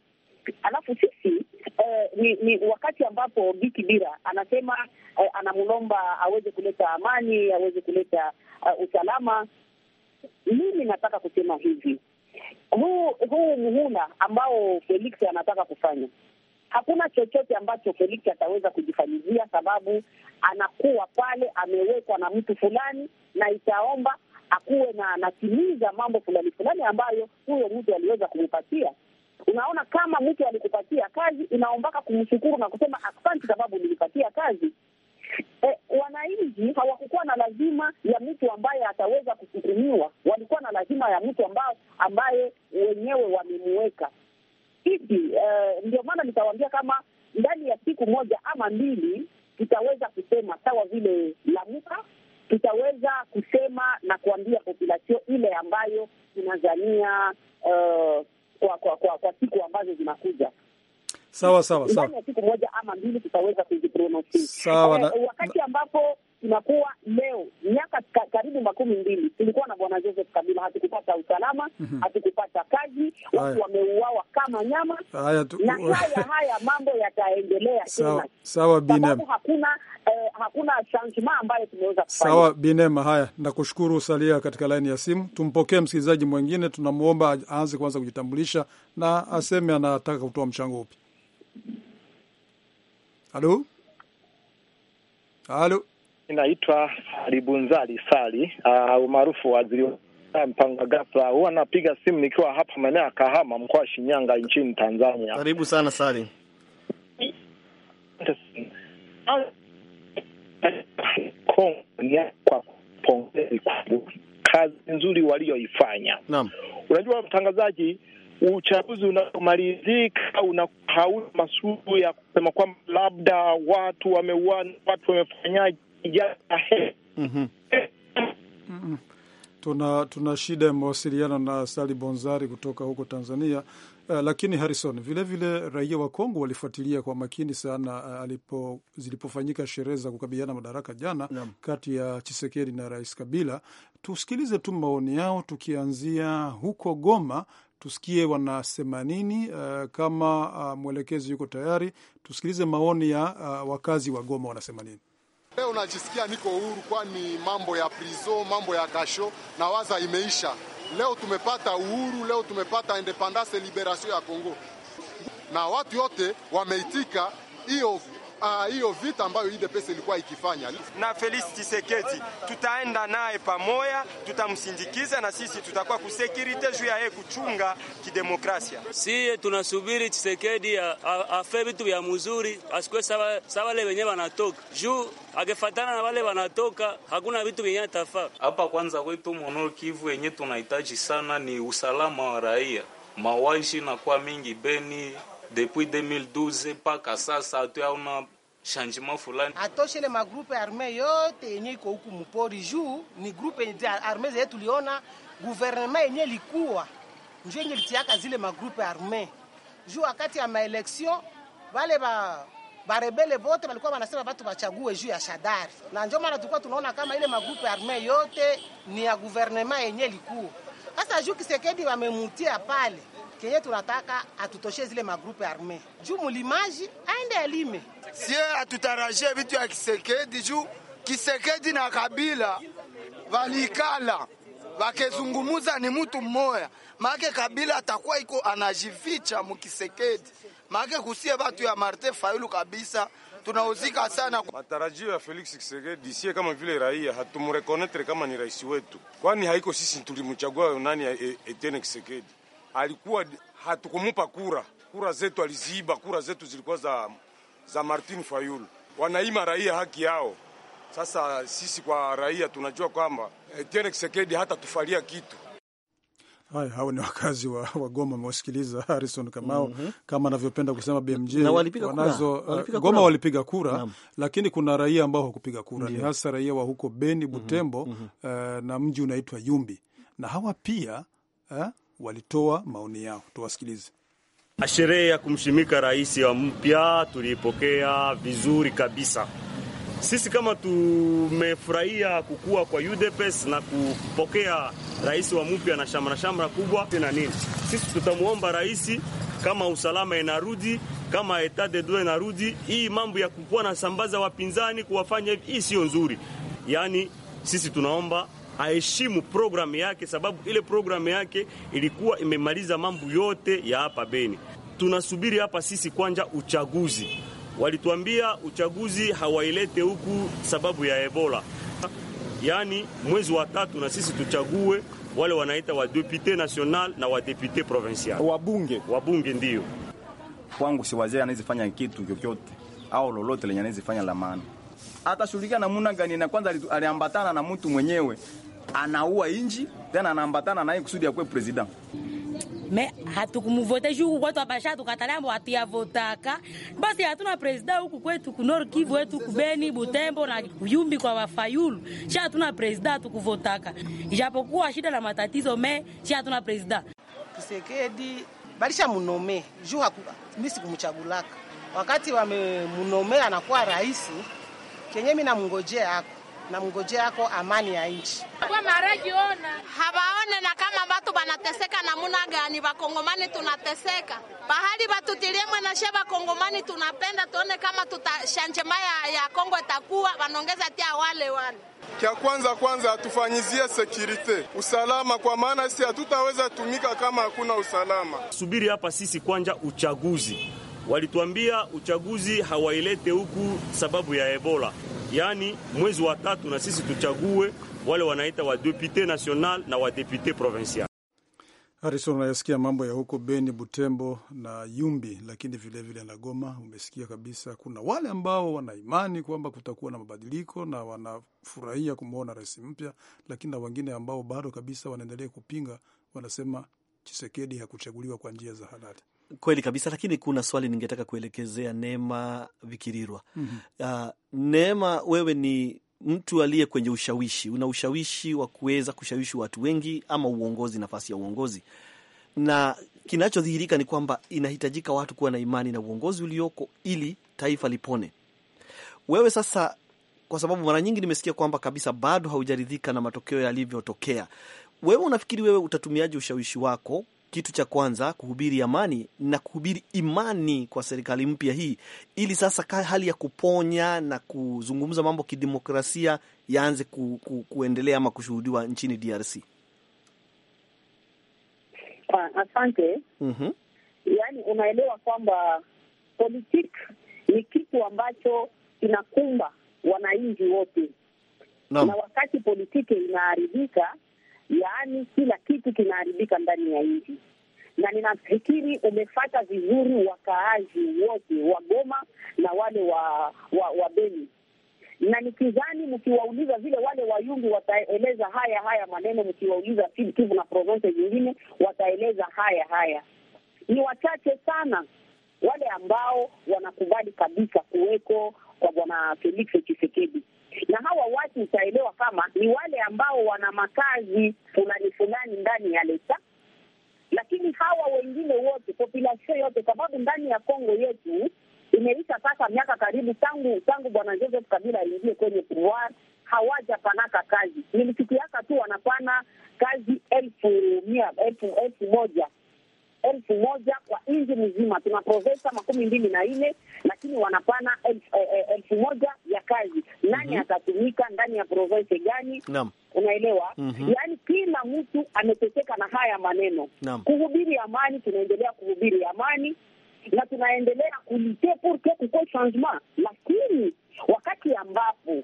Alafu sisi eh, ni, ni wakati ambapo Biki Bira anasema eh, anamlomba aweze kuleta amani aweze kuleta uh, usalama mimi nataka kusema hivi, huu huu ambao Felix anataka kufanya, hakuna chochote ambacho Felix ataweza kujifanyizia, sababu anakuwa pale amewekwa na mtu fulani, na itaomba akuwe na anatimiza mambo fulani fulani ambayo huyo mtu aliweza kumpatia. Unaona, kama mtu alikupatia kazi, inaombaka kumshukuru na kusema asante, sababu nilipatia kazi. E, wananchi hawakukuwa na lazima ya mtu ambaye ataweza kusukumiwa, walikuwa na lazima ya mtu ambaye, ambaye wenyewe wamemuweka hivi. Uh, eh, ndio maana nitawaambia kama ndani ya siku moja ama mbili tutaweza kusema sawa vile Lamuka, tutaweza kusema na kuambia populasio ile ambayo tunazania uh, eh, kwa, kwa, kwa, kwa siku ambazo zinakuja sawa sawa sawa, ndani ya siku moja ama mbili tutaweza kuzipronounce sawa eh, na, eh, wakati ambapo inakuwa leo miaka karibu makumi mbili tulikuwa na bwana Joseph Kabila, hatukupata usalama mm -hmm. hatukupata kazi, watu wameuawa kama nyama haya tu... na haya haya mambo yataendelea sawa, sawa Binem, hakuna eh, hakuna changement ambayo tumeweza kufanya. Sawa Binem, haya nakushukuru. Salia katika laini ya simu, tumpokee msikilizaji mwingine, tunamwomba aanze kwanza kujitambulisha na aseme anataka kutoa mchango upi. Halo, halo. Inaitwa Alibunzali Sali ah, umaarufu uh, waziri Mpanga Gafla, huwa napiga simu nikiwa hapa maeneo ya Kahama, mkoa wa Shinyanga, nchini Tanzania. Karibu sana Sali. Kwa pongezi kazi nzuri walioifanya. Naam, unajua mtangazaji uchaguzi unapomalizika una hauna masuu ya kusema kwamba labda watu wameuana, watu wamefanyaje jaa mhm. mhm. Tuna, tuna shida ya mawasiliano na Sali Bonzari kutoka huko Tanzania. Uh, lakini Harrison, vilevile raia wa Kongo walifuatilia kwa makini sana uh, alipo, zilipofanyika sherehe za kukabiliana madaraka jana yeah, kati ya Chisekedi na Rais Kabila. Tusikilize tu maoni yao tukianzia huko Goma tusikie wanasema nini. Uh, kama uh, mwelekezi yuko tayari, tusikilize maoni ya uh, wakazi wa Goma wanasema nini. Leo najisikia niko uhuru, kwani mambo ya prizo, mambo ya kasho na waza imeisha. Leo tumepata uhuru, leo tumepata independence, liberation ya congo na watu yote wameitika hiyo Ah, hiyo vita ambayo UDPS ilikuwa ikifanya. Na Felix Tshisekedi tutaenda naye pamoja, tutamsindikiza na sisi tutakuwa kusekirite juu ya yeye kuchunga kidemokrasia. sie tunasubiri Tshisekedi afe vitu vya mzuri, asikuwe sawa sawa wale wenyewe wanatoka juu akifatana na wale wanatoka, hakuna vitu vyenye tafa hapa. Kwanza kwetu Mono Kivu yenye tunahitaji sana ni usalama wa raia, mauaji na kwa mingi Beni depuis 2012 mpaka sasa hatuyaona changement fulani. Atoshe ile magrupe arme yote yenye iko huku mpori juu ni grupe arme zetu, tuliona guvernema yenye likuwa njo yenye litiaka zile magrupe arme juu wakati ya maeleksio wale ba barebele bote balikuwa wanasema watu wachague juu ya Shadari, na ndio maana tulikuwa tunaona kama ile magrupe arme yote ni ya guvernema yenye likuwa sasa. Juu Kisekedi wamemutia pale kenye tunataka atutoshe zile magrupe arme juu mulimaji aende alime, sie atutarajie vitu ya Kisekedi juu Kisekedi na Kabila walikala wakezungumuza ni mutu mmoya, make Kabila atakuwa iko anajificha mukisekedi, make kusie batu ya Marte Fayulu kabisa. Tunauzika sana matarajio ya Felix Tshisekedi, sie kama vile raia hatumurekonetre kama ni rais wetu, kwani haiko sisi tulimchagua nani? E- Etene Tshisekedi alikuwa hatukumupa kura, kura zetu aliziiba, kura zetu zilikuwa za, za Martin Fayulu. Wanaima raia haki yao. Sasa sisi kwa raia tunajua kwamba Etienne eh, Tshisekedi hata tufalia kitu. Haya, hao ni wakazi wa, wa Goma. Mwasikiliza Harrison Kamao mm -hmm. kama anavyopenda kusema BMJ walipiga wanazo kura. Eh, walipiga Goma Walipiga kura Naam. lakini kuna raia ambao hawakupiga kura, ni hasa raia wa huko Beni, mhm. Butembo mm -hmm. uh, na mji unaitwa Yumbi na hawa pia uh, walitoa maoni yao, tuwasikilize. Sherehe ya kumshimika rais wa mpya tuliipokea vizuri kabisa. Sisi kama tumefurahia kukua kwa UDPS na kupokea rais wa mpya na shamra shamra kubwa na nini, sisi tutamwomba rais kama usalama inarudi, kama etat de droit inarudi, hii mambo ya kukuwa na sambaza wapinzani kuwafanya hivi, hii sio nzuri. Yaani sisi tunaomba aheshimu programu yake, sababu ile programu yake ilikuwa imemaliza mambo yote ya hapa Beni. Tunasubiri hapa sisi kwanja uchaguzi. Walituambia uchaguzi hawailete huku sababu ya Ebola, yaani mwezi wa tatu na sisi tuchague wale wanaita wa depute national na wa depute provincial, wabunge wabunge. Ndio kwangu si wazee anazifanya kitu chochote au lolote lenye anazifanya la maana, atashughulikia namuna gani? Na kwanza aliambatana na mtu mwenyewe anaua inji tena anaambatana naye kusudi akuwe president. Me hatukumvote juu watu abasha tukatalia mambo votaka. Basi hatuna president huku kwetu ku Nord Kivu wetu ku Beni, Butembo na Yumbi kwa wafayulu. Sha hatuna president tukuvotaka. Ijapokuwa shida na matatizo me sha hatuna president. Kisekedi balisha munome juu haku misi kumchagulaka. Wakati wamemnomea anakuwa rais, kenye mimi namngojea hako namngojea yako amani ya nchi marajiona hawaone na kama batu banateseka namuna gani, bakongomani tunateseka bahali batutilie mwenashe bakongomani tunapenda tuone kama tutashanjema ya, ya Kongo itakuwa wanongeza tia wale wale kya kwanza kwanza atufanyizie sekirite usalama, kwa maana si hatutaweza tumika kama hakuna usalama. Subiri hapa sisi kwanja uchaguzi, walituambia uchaguzi hawailete huku sababu ya Ebola yani mwezi wa tatu, na sisi tuchague wale wanaita député national na député provincial. Harison, unayasikia mambo ya huko Beni, Butembo na Yumbi, lakini vilevile na Goma. Umesikia kabisa, kuna wale ambao wanaimani kwamba kutakuwa na mabadiliko na wanafurahia kumwona rais mpya, lakini na wengine ambao bado kabisa wanaendelea kupinga, wanasema Chisekedi hakuchaguliwa kwa njia za halali. Kweli kabisa, lakini kuna swali ningetaka kuelekezea Neema Vikirirwa. mm -hmm. Uh, Neema, wewe ni mtu aliye kwenye ushawishi, una ushawishi wa kuweza kushawishi watu wengi, ama uongozi, nafasi ya uongozi, na kinachodhihirika ni kwamba inahitajika watu kuwa na imani na uongozi ulioko ili taifa lipone. Wewe sasa, kwa sababu mara nyingi nimesikia kwamba kabisa bado haujaridhika na matokeo yalivyotokea, wewe unafikiri wewe utatumiaje ushawishi wako kitu cha kwanza kuhubiri amani na kuhubiri imani kwa serikali mpya hii, ili sasa hali ya kuponya na kuzungumza mambo kidemokrasia yaanze ku, ku, kuendelea ama kushuhudiwa nchini DRC. Ah, asante. mm -hmm. Yani, unaelewa kwamba politiki ni kitu ambacho kinakumba wananchi wote no. na wakati politiki inaharibika yaani kila kitu kinaharibika ndani ya nchi. Na ninafikiri umefata vizuri wakaazi wote wa Goma na wale wa wa, wa Beni na nikizani mkiwauliza vile wale wayungi wataeleza haya haya maneno, mkiwauliza Kivu na province zingine wataeleza haya haya. Ni wachache sana wale ambao wanakubali kabisa kuweko kwa bwana Felix Tshisekedi na hawa watu utaelewa kama ni wale ambao wana makazi fulani fulani ndani ya leta, lakini hawa wengine wote, populasio yote, sababu ndani ya Kongo yetu imeisha sasa miaka karibu tangu tangu bwana Joseph Kabila aingie kwenye pouvoir hawajapanaka kazi. Nilisikiaka tu wanapana kazi elfu mia elfu elfu moja elfu moja kwa nchi mzima. Tuna profesa makumi mbili na nne lakini wanapana elfu, eh, eh elfu moja ya kazi. Nani mm -hmm. atatumika ndani ya provensi gani? Naam. Unaelewa? mm -hmm. Yaani kila mtu ameteseka na haya maneno. Naam. Kuhubiri amani, tunaendelea kuhubiri amani na tunaendelea kulite pour kuko changement, lakini wakati ambapo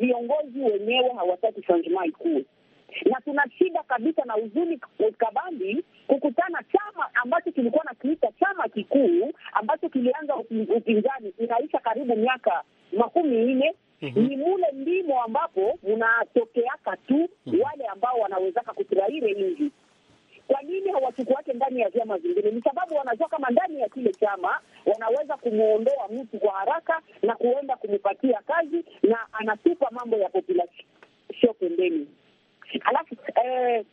viongozi wenyewe hawataki changement ikuwe na tuna shida kabisa na huzuni kabambi kukutana chama ambacho kilikuwa na kiita chama kikuu ambacho kilianza upinzani inaisha karibu miaka makumi nne. Mm -hmm. Ni mule ndimo ambapo munatokeaka tu mm -hmm. wale ambao wanawezaka kufurahire nji Kwa nini hawachukuake ndani ya vyama vingine? Ni sababu wanajua kama ndani ya kile chama wanaweza kumwondoa mtu kwa haraka na kuenda kumpatia kazi, na anatupa mambo ya populasio pembeni. Alafu eh,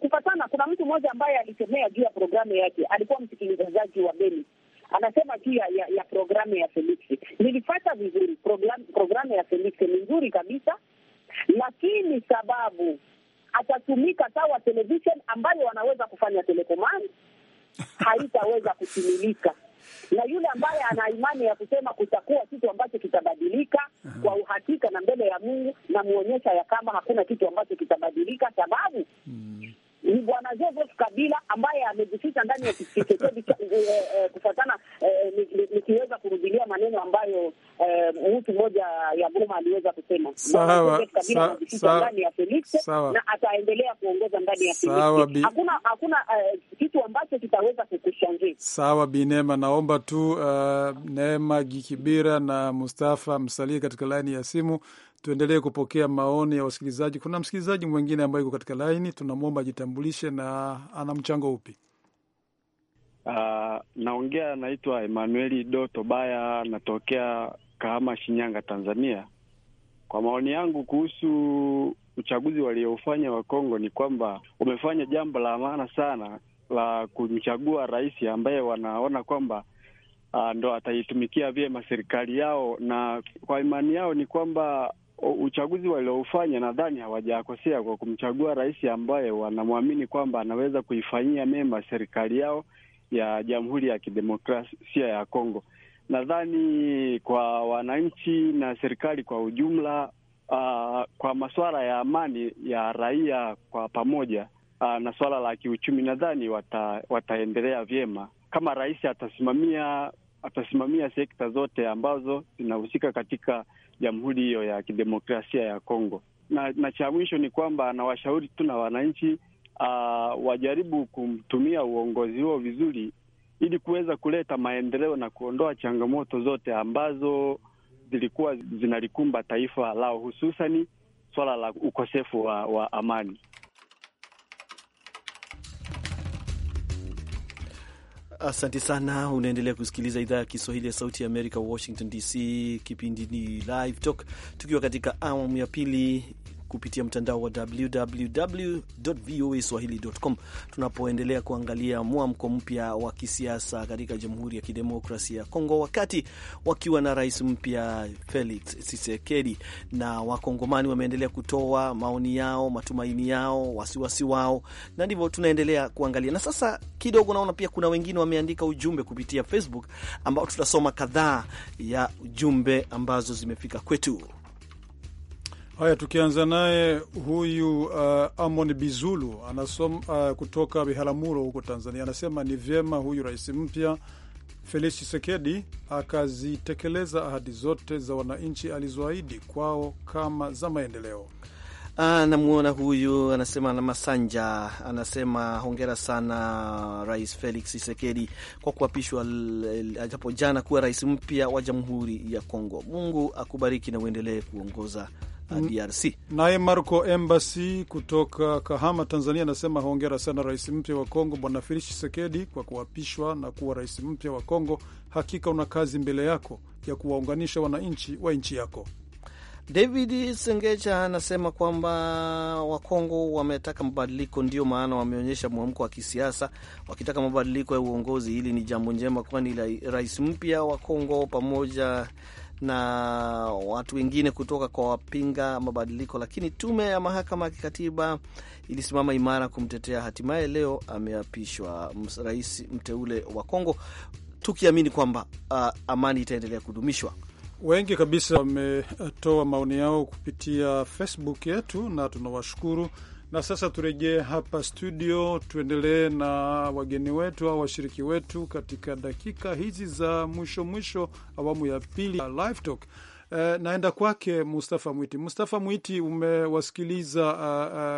kupatana, kuna mtu mmoja ambaye alisemea juu ya programu yake, alikuwa msikilizaji wa Beni, anasema juu ya, ya, ya programu ya Felix. Nilifata vizuri programu, programu ya Felix ni nzuri kabisa, lakini sababu atatumika sawa television ambayo wanaweza kufanya telekomani haitaweza kutimilika na yule ambaye ana imani ya kusema kutakuwa kitu ambacho kitabadilika uh -huh. kwa uhakika na mbele ya Mungu, namwonyesha ya kama hakuna kitu ambacho kitabadilika, sababu mm ni bwana Joseph Kabila ambaye amejificha ndani ya kichekechedi eh, eh, kufuatana, eh, nikiweza kurudilia maneno ambayo mtu mmoja ya Goma aliweza kusema, Sawa, Kabila amejificha ndani ya Felix na ataendelea kuongoza ndani ya Felix. Hakuna hakuna kitu ambacho kitaweza kukushangiza. Sawa Binema, naomba tu Neema Gikibira na Mustafa msalie katika laini ya simu. Tuendelee kupokea maoni ya wasikilizaji. Kuna msikilizaji mwingine ambaye yuko katika laini, tunamwomba ajitambulishe na ana mchango upi. Uh, naongea, naitwa Emanueli Doto Baya, natokea Kahama, Shinyanga, Tanzania. Kwa maoni yangu kuhusu uchaguzi waliofanya wa Kongo ni kwamba wamefanya jambo la maana sana la kumchagua rais ambaye wanaona kwamba uh, ndo ataitumikia vyema serikali yao, na kwa imani yao ni kwamba uchaguzi waliofanya nadhani hawajakosea kwa kumchagua rais ambaye wanamwamini kwamba anaweza kuifanyia mema serikali yao ya Jamhuri ya Kidemokrasia ya Kongo. Nadhani kwa wananchi na serikali kwa ujumla, uh, kwa masuala ya amani ya raia kwa pamoja, uh, na suala la kiuchumi, nadhani wata, wataendelea vyema kama rais atasimamia atasimamia sekta zote ambazo zinahusika katika jamhuri hiyo ya kidemokrasia ya Kongo. Na, na cha mwisho ni kwamba anawashauri tu na wananchi uh, wajaribu kumtumia uongozi huo vizuri ili kuweza kuleta maendeleo na kuondoa changamoto zote ambazo zilikuwa zinalikumba taifa lao, hususani swala la ukosefu wa, wa amani. Asante sana. Unaendelea kusikiliza idhaa ya Kiswahili ya Sauti ya Amerika, Washington DC. Kipindi ni Live Talk, tukiwa katika awamu ya pili kupitia mtandao wa www voa swahili.com, tunapoendelea kuangalia mwamko mpya wa kisiasa katika Jamhuri ya Kidemokrasia ya Kongo, wakati wakiwa na rais mpya Felix Tshisekedi, na Wakongomani wameendelea kutoa maoni yao, matumaini yao, wasiwasi wao, na ndivyo tunaendelea kuangalia. Na sasa kidogo, naona pia kuna wengine wameandika ujumbe kupitia Facebook ambao tutasoma kadhaa ya ujumbe ambazo zimefika kwetu. Haya, tukianza naye huyu uh, Amon Bizulu anasom, uh, kutoka Biharamulo huko Tanzania, anasema ni vyema huyu rais mpya Felix chisekedi akazitekeleza ahadi zote za wananchi alizoahidi kwao kama za maendeleo. Ah, Namwona huyu anasema na Masanja anasema hongera sana Rais Felix chisekedi kwa kuapishwa hapo jana kuwa rais mpya wa Jamhuri ya Kongo. Mungu akubariki na uendelee kuongoza DRC. Naye Marco Embassy kutoka Kahama, Tanzania, anasema hongera sana rais mpya wa Kongo Bwana Felix Tshisekedi kwa kuapishwa na kuwa rais mpya wa Kongo. Hakika una kazi mbele yako ya kuwaunganisha wananchi wa nchi yako. David Sengecha anasema kwamba Wakongo wametaka mabadiliko, ndio maana wameonyesha mwamko wa kisiasa wakitaka mabadiliko ya uongozi. Hili ni jambo njema, kwani rais mpya wa Kongo pamoja na watu wengine kutoka kwa wapinga mabadiliko, lakini tume ya mahakama ya kikatiba ilisimama imara kumtetea. Hatimaye leo ameapishwa rais mteule wa Kongo, tukiamini kwamba uh, amani itaendelea kudumishwa. Wengi kabisa wametoa maoni yao kupitia Facebook yetu na tunawashukuru. Na sasa turejee hapa studio, tuendelee na wageni wetu au washiriki wetu katika dakika hizi za mwisho mwisho, awamu ya pili ya Live Talk. Uh, naenda kwake Mustafa Mwiti. Mustafa Mwiti, umewasikiliza uh,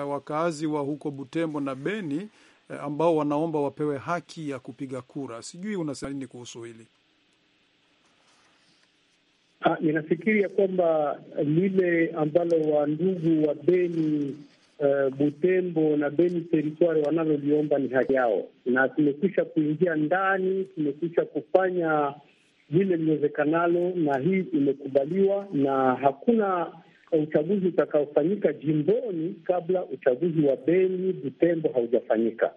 uh, wakaazi wa huko Butembo na Beni uh, ambao wanaomba wapewe haki ya kupiga kura. Sijui unasema nini kuhusu hili? Ah, ninafikiri ya kwamba lile ambalo wandugu wa Beni Eh, Butembo na Beni teritwari wanaloliomba ni haki yao, na tumekwisha kuingia ndani, tumekwisha kufanya vile liwezekanalo, na hii imekubaliwa na hakuna uchaguzi utakaofanyika jimboni kabla uchaguzi wa Beni Butembo haujafanyika.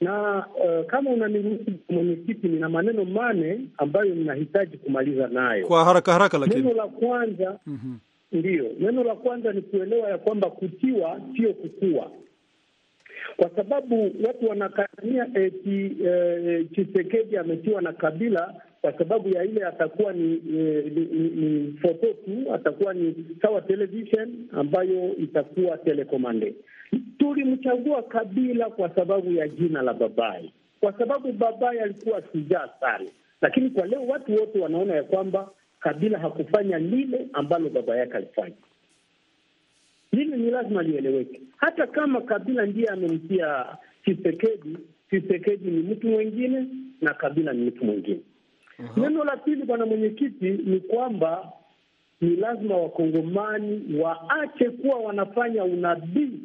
Na uh, kama unaniruhusu mwenyekiti, nina maneno mane ambayo ninahitaji kumaliza nayo kwa haraka haraka, lakini neno la kwanza mm -hmm. Ndiyo, neno la kwanza ni kuelewa ya kwamba kutiwa sio kukua, kwa sababu watu wanakaania eti eh, Chisekedi ametiwa na Kabila kwa sababu ya ile atakuwa ni, eh, ni, ni, ni foto tu, atakuwa ni sawa television ambayo itakuwa telekomande. Tulimchagua Kabila kwa sababu ya jina la babaye, kwa sababu babaye alikuwa shujaa sana, lakini kwa leo watu wote wanaona ya kwamba Kabila hakufanya lile ambalo baba yake alifanya. Hili ni lazima lieleweke, hata kama Kabila ndiye amemtia Chisekedi. Chisekedi ni mtu mwingine na Kabila ni mtu mwingine. Uh-huh. Neno la pili, bwana mwenyekiti, ni kwamba ni lazima wakongomani waache kuwa wanafanya unabii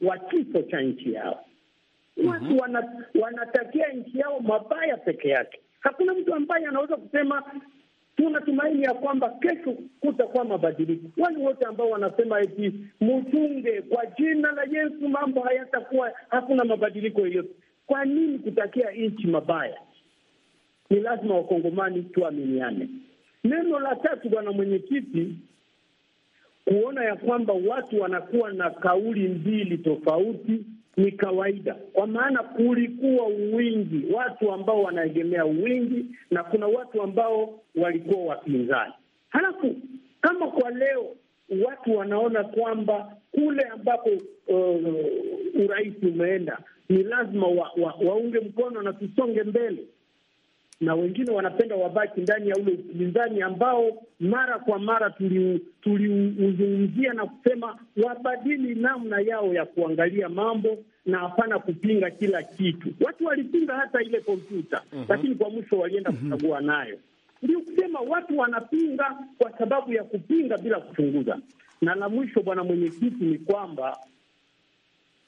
wa kifo cha nchi yao. Watu uh-huh, Watu wanatakia nchi yao mabaya peke yake. Hakuna mtu ambaye anaweza kusema tunatumaini ya kwamba kesho kutakuwa mabadiliko. Wale wote ambao wanasema eti mchunge kwa jina la Yesu mambo hayatakuwa, hakuna mabadiliko yoyote, kwa nini kutakia nchi mabaya? Ni lazima wakongomani tuaminiane. Neno la tatu, bwana mwenyekiti, kuona ya kwamba watu wanakuwa na kauli mbili tofauti ni kawaida, kwa maana kulikuwa wingi, watu ambao wanaegemea wingi na kuna watu ambao walikuwa wapinzani. Halafu kama kwa leo watu wanaona kwamba kule ambapo uh, urais umeenda ni lazima wa, wa, waunge mkono na tusonge mbele, na wengine wanapenda wabaki ndani ya ule upinzani ambao mara kwa mara tuliuzungumzia na kusema wabadili namna yao ya kuangalia mambo na hapana kupinga kila kitu. Watu walipinga hata ile kompyuta uh mhm. -huh. Lakini kwa mwisho walienda mhm. kuchagua uh -huh. nayo. Ndio kusema watu wanapinga kwa sababu ya kupinga bila kuchunguza. Na la mwisho, bwana mwenyekiti, ni kwamba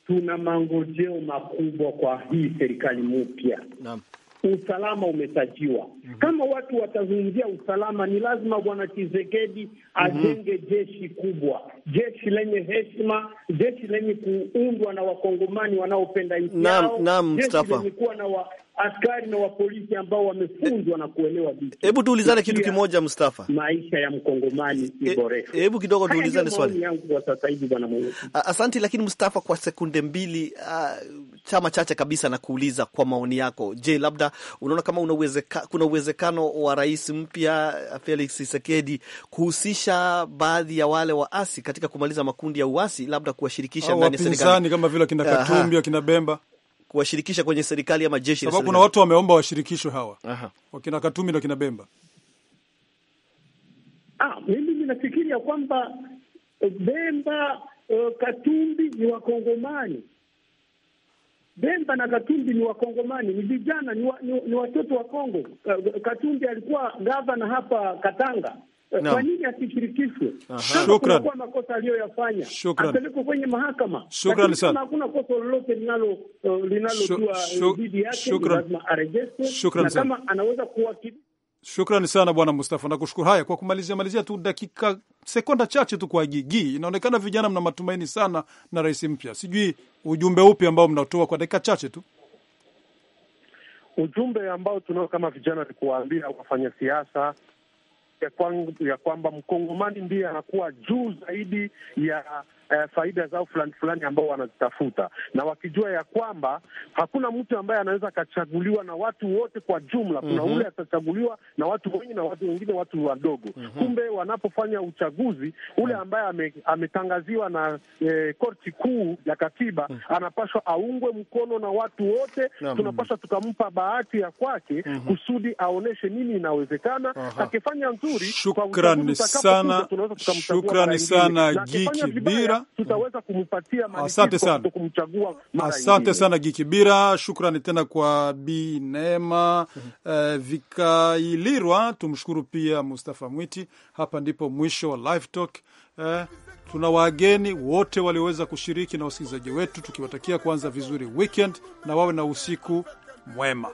tuna mangojeo makubwa kwa hii serikali mpya. Naam usalama umetajiwa. mm -hmm. Kama watu watazungumzia usalama, ni lazima Bwana Tshisekedi mhm. ajenge mm -hmm. jeshi kubwa, jeshi lenye heshima, jeshi lenye kuundwa na wakongomani wanaopenda nchi yao, jeshi lenye kuwa na wa askari na wapolisi ambao wamefunzwa e, na kuelewa vitu. Hebu tuulizane kitu kimoja Mustafa, maisha ya mkongomani e, iboreshwe. Hebu e, kidogo tuulizane swali yangu kwa sasa hivi bwana. Asante, lakini Mustafa, kwa sekunde mbili, uh, cha machache kabisa na kuuliza kwa maoni yako. Je, labda unaona kama unawezeka, kuna uwezekano wa rais mpya eh, Felix Tshisekedi kuhusisha baadhi ya wale waasi katika kumaliza makundi ya uasi, labda kuwashirikisha ndani ya serikali kama vile kina Katumbi, kina Bemba kuwashirikisha kwenye serikali ama jeshi? Sababu kuna watu wameomba washirikishwe hawa Aha. wakina Katumbi na kina Bemba. Ah, mimi ninafikiria kwamba Bemba, uh, Katumbi ni Wakongomani Bemba na Katumbi ni Wakongomani, ni vijana, ni, wa, ni, ni watoto wa Kongo. Eh, Katumbi alikuwa gavana hapa Katanga. Eh, no. Kwa nini asishirikishwe? Kama makosa aliyoyafanya apelekwe kwenye mahakama. Shukrani sana. Hakuna kosa lolote linalo eh, linalotua dhidi yake, lazima arejeshwe, na kama anaweza kuwa Shukrani sana bwana Mustafa, nakushukuru. Haya, kwa kumalizia malizia tu dakika sekonda chache tu kwa Gigi, inaonekana vijana mna matumaini sana na rais mpya, sijui ujumbe upi ambao mnatoa kwa dakika chache tu? Ujumbe ambao tunao kama vijana ni kuwaambia wafanya siasa ya kwamba mkongomani ndiye anakuwa juu zaidi ya eh, faida zao fulani fulani ambao wanazitafuta, na wakijua ya kwamba hakuna mtu ambaye anaweza akachaguliwa na watu wote kwa jumla. Kuna mm -hmm. ule atachaguliwa na watu wengi na watu wengine watu wadogo mm -hmm. Kumbe wanapofanya uchaguzi ule mhm. ambaye ame, ametangaziwa na eh, korti kuu ya katiba mm -hmm. anapaswa aungwe mkono na watu wote mm -hmm. tunapaswa tukampa bahati ya kwake mm -hmm. kusudi aoneshe nini inawezekana. Akifanya nzuri, shukrani sana, shukrani sana Gikibira tutaweza kumpatia asante sana kumchagua mara asante sana Gikibira, shukrani tena kwa Bi Neema mm -hmm. uh, Vikailirwa. Tumshukuru pia Mustafa Mwiti. Hapa ndipo mwisho wa live talk. Eh, tuna wageni wote walioweza kushiriki na wasikilizaji wetu, tukiwatakia kuanza vizuri weekend na wawe na usiku mwema.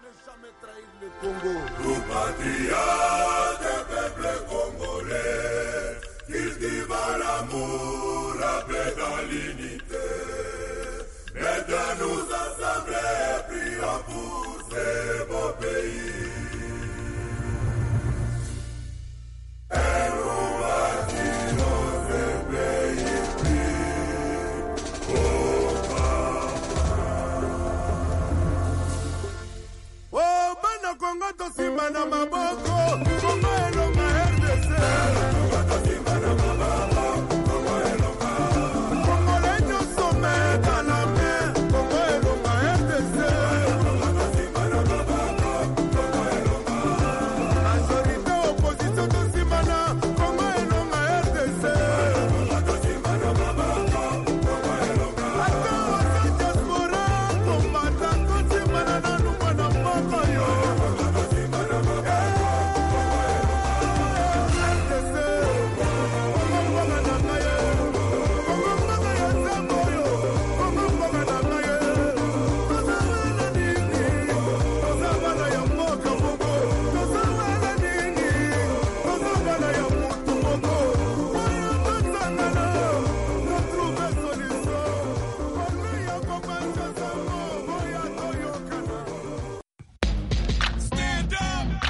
man simba my maboko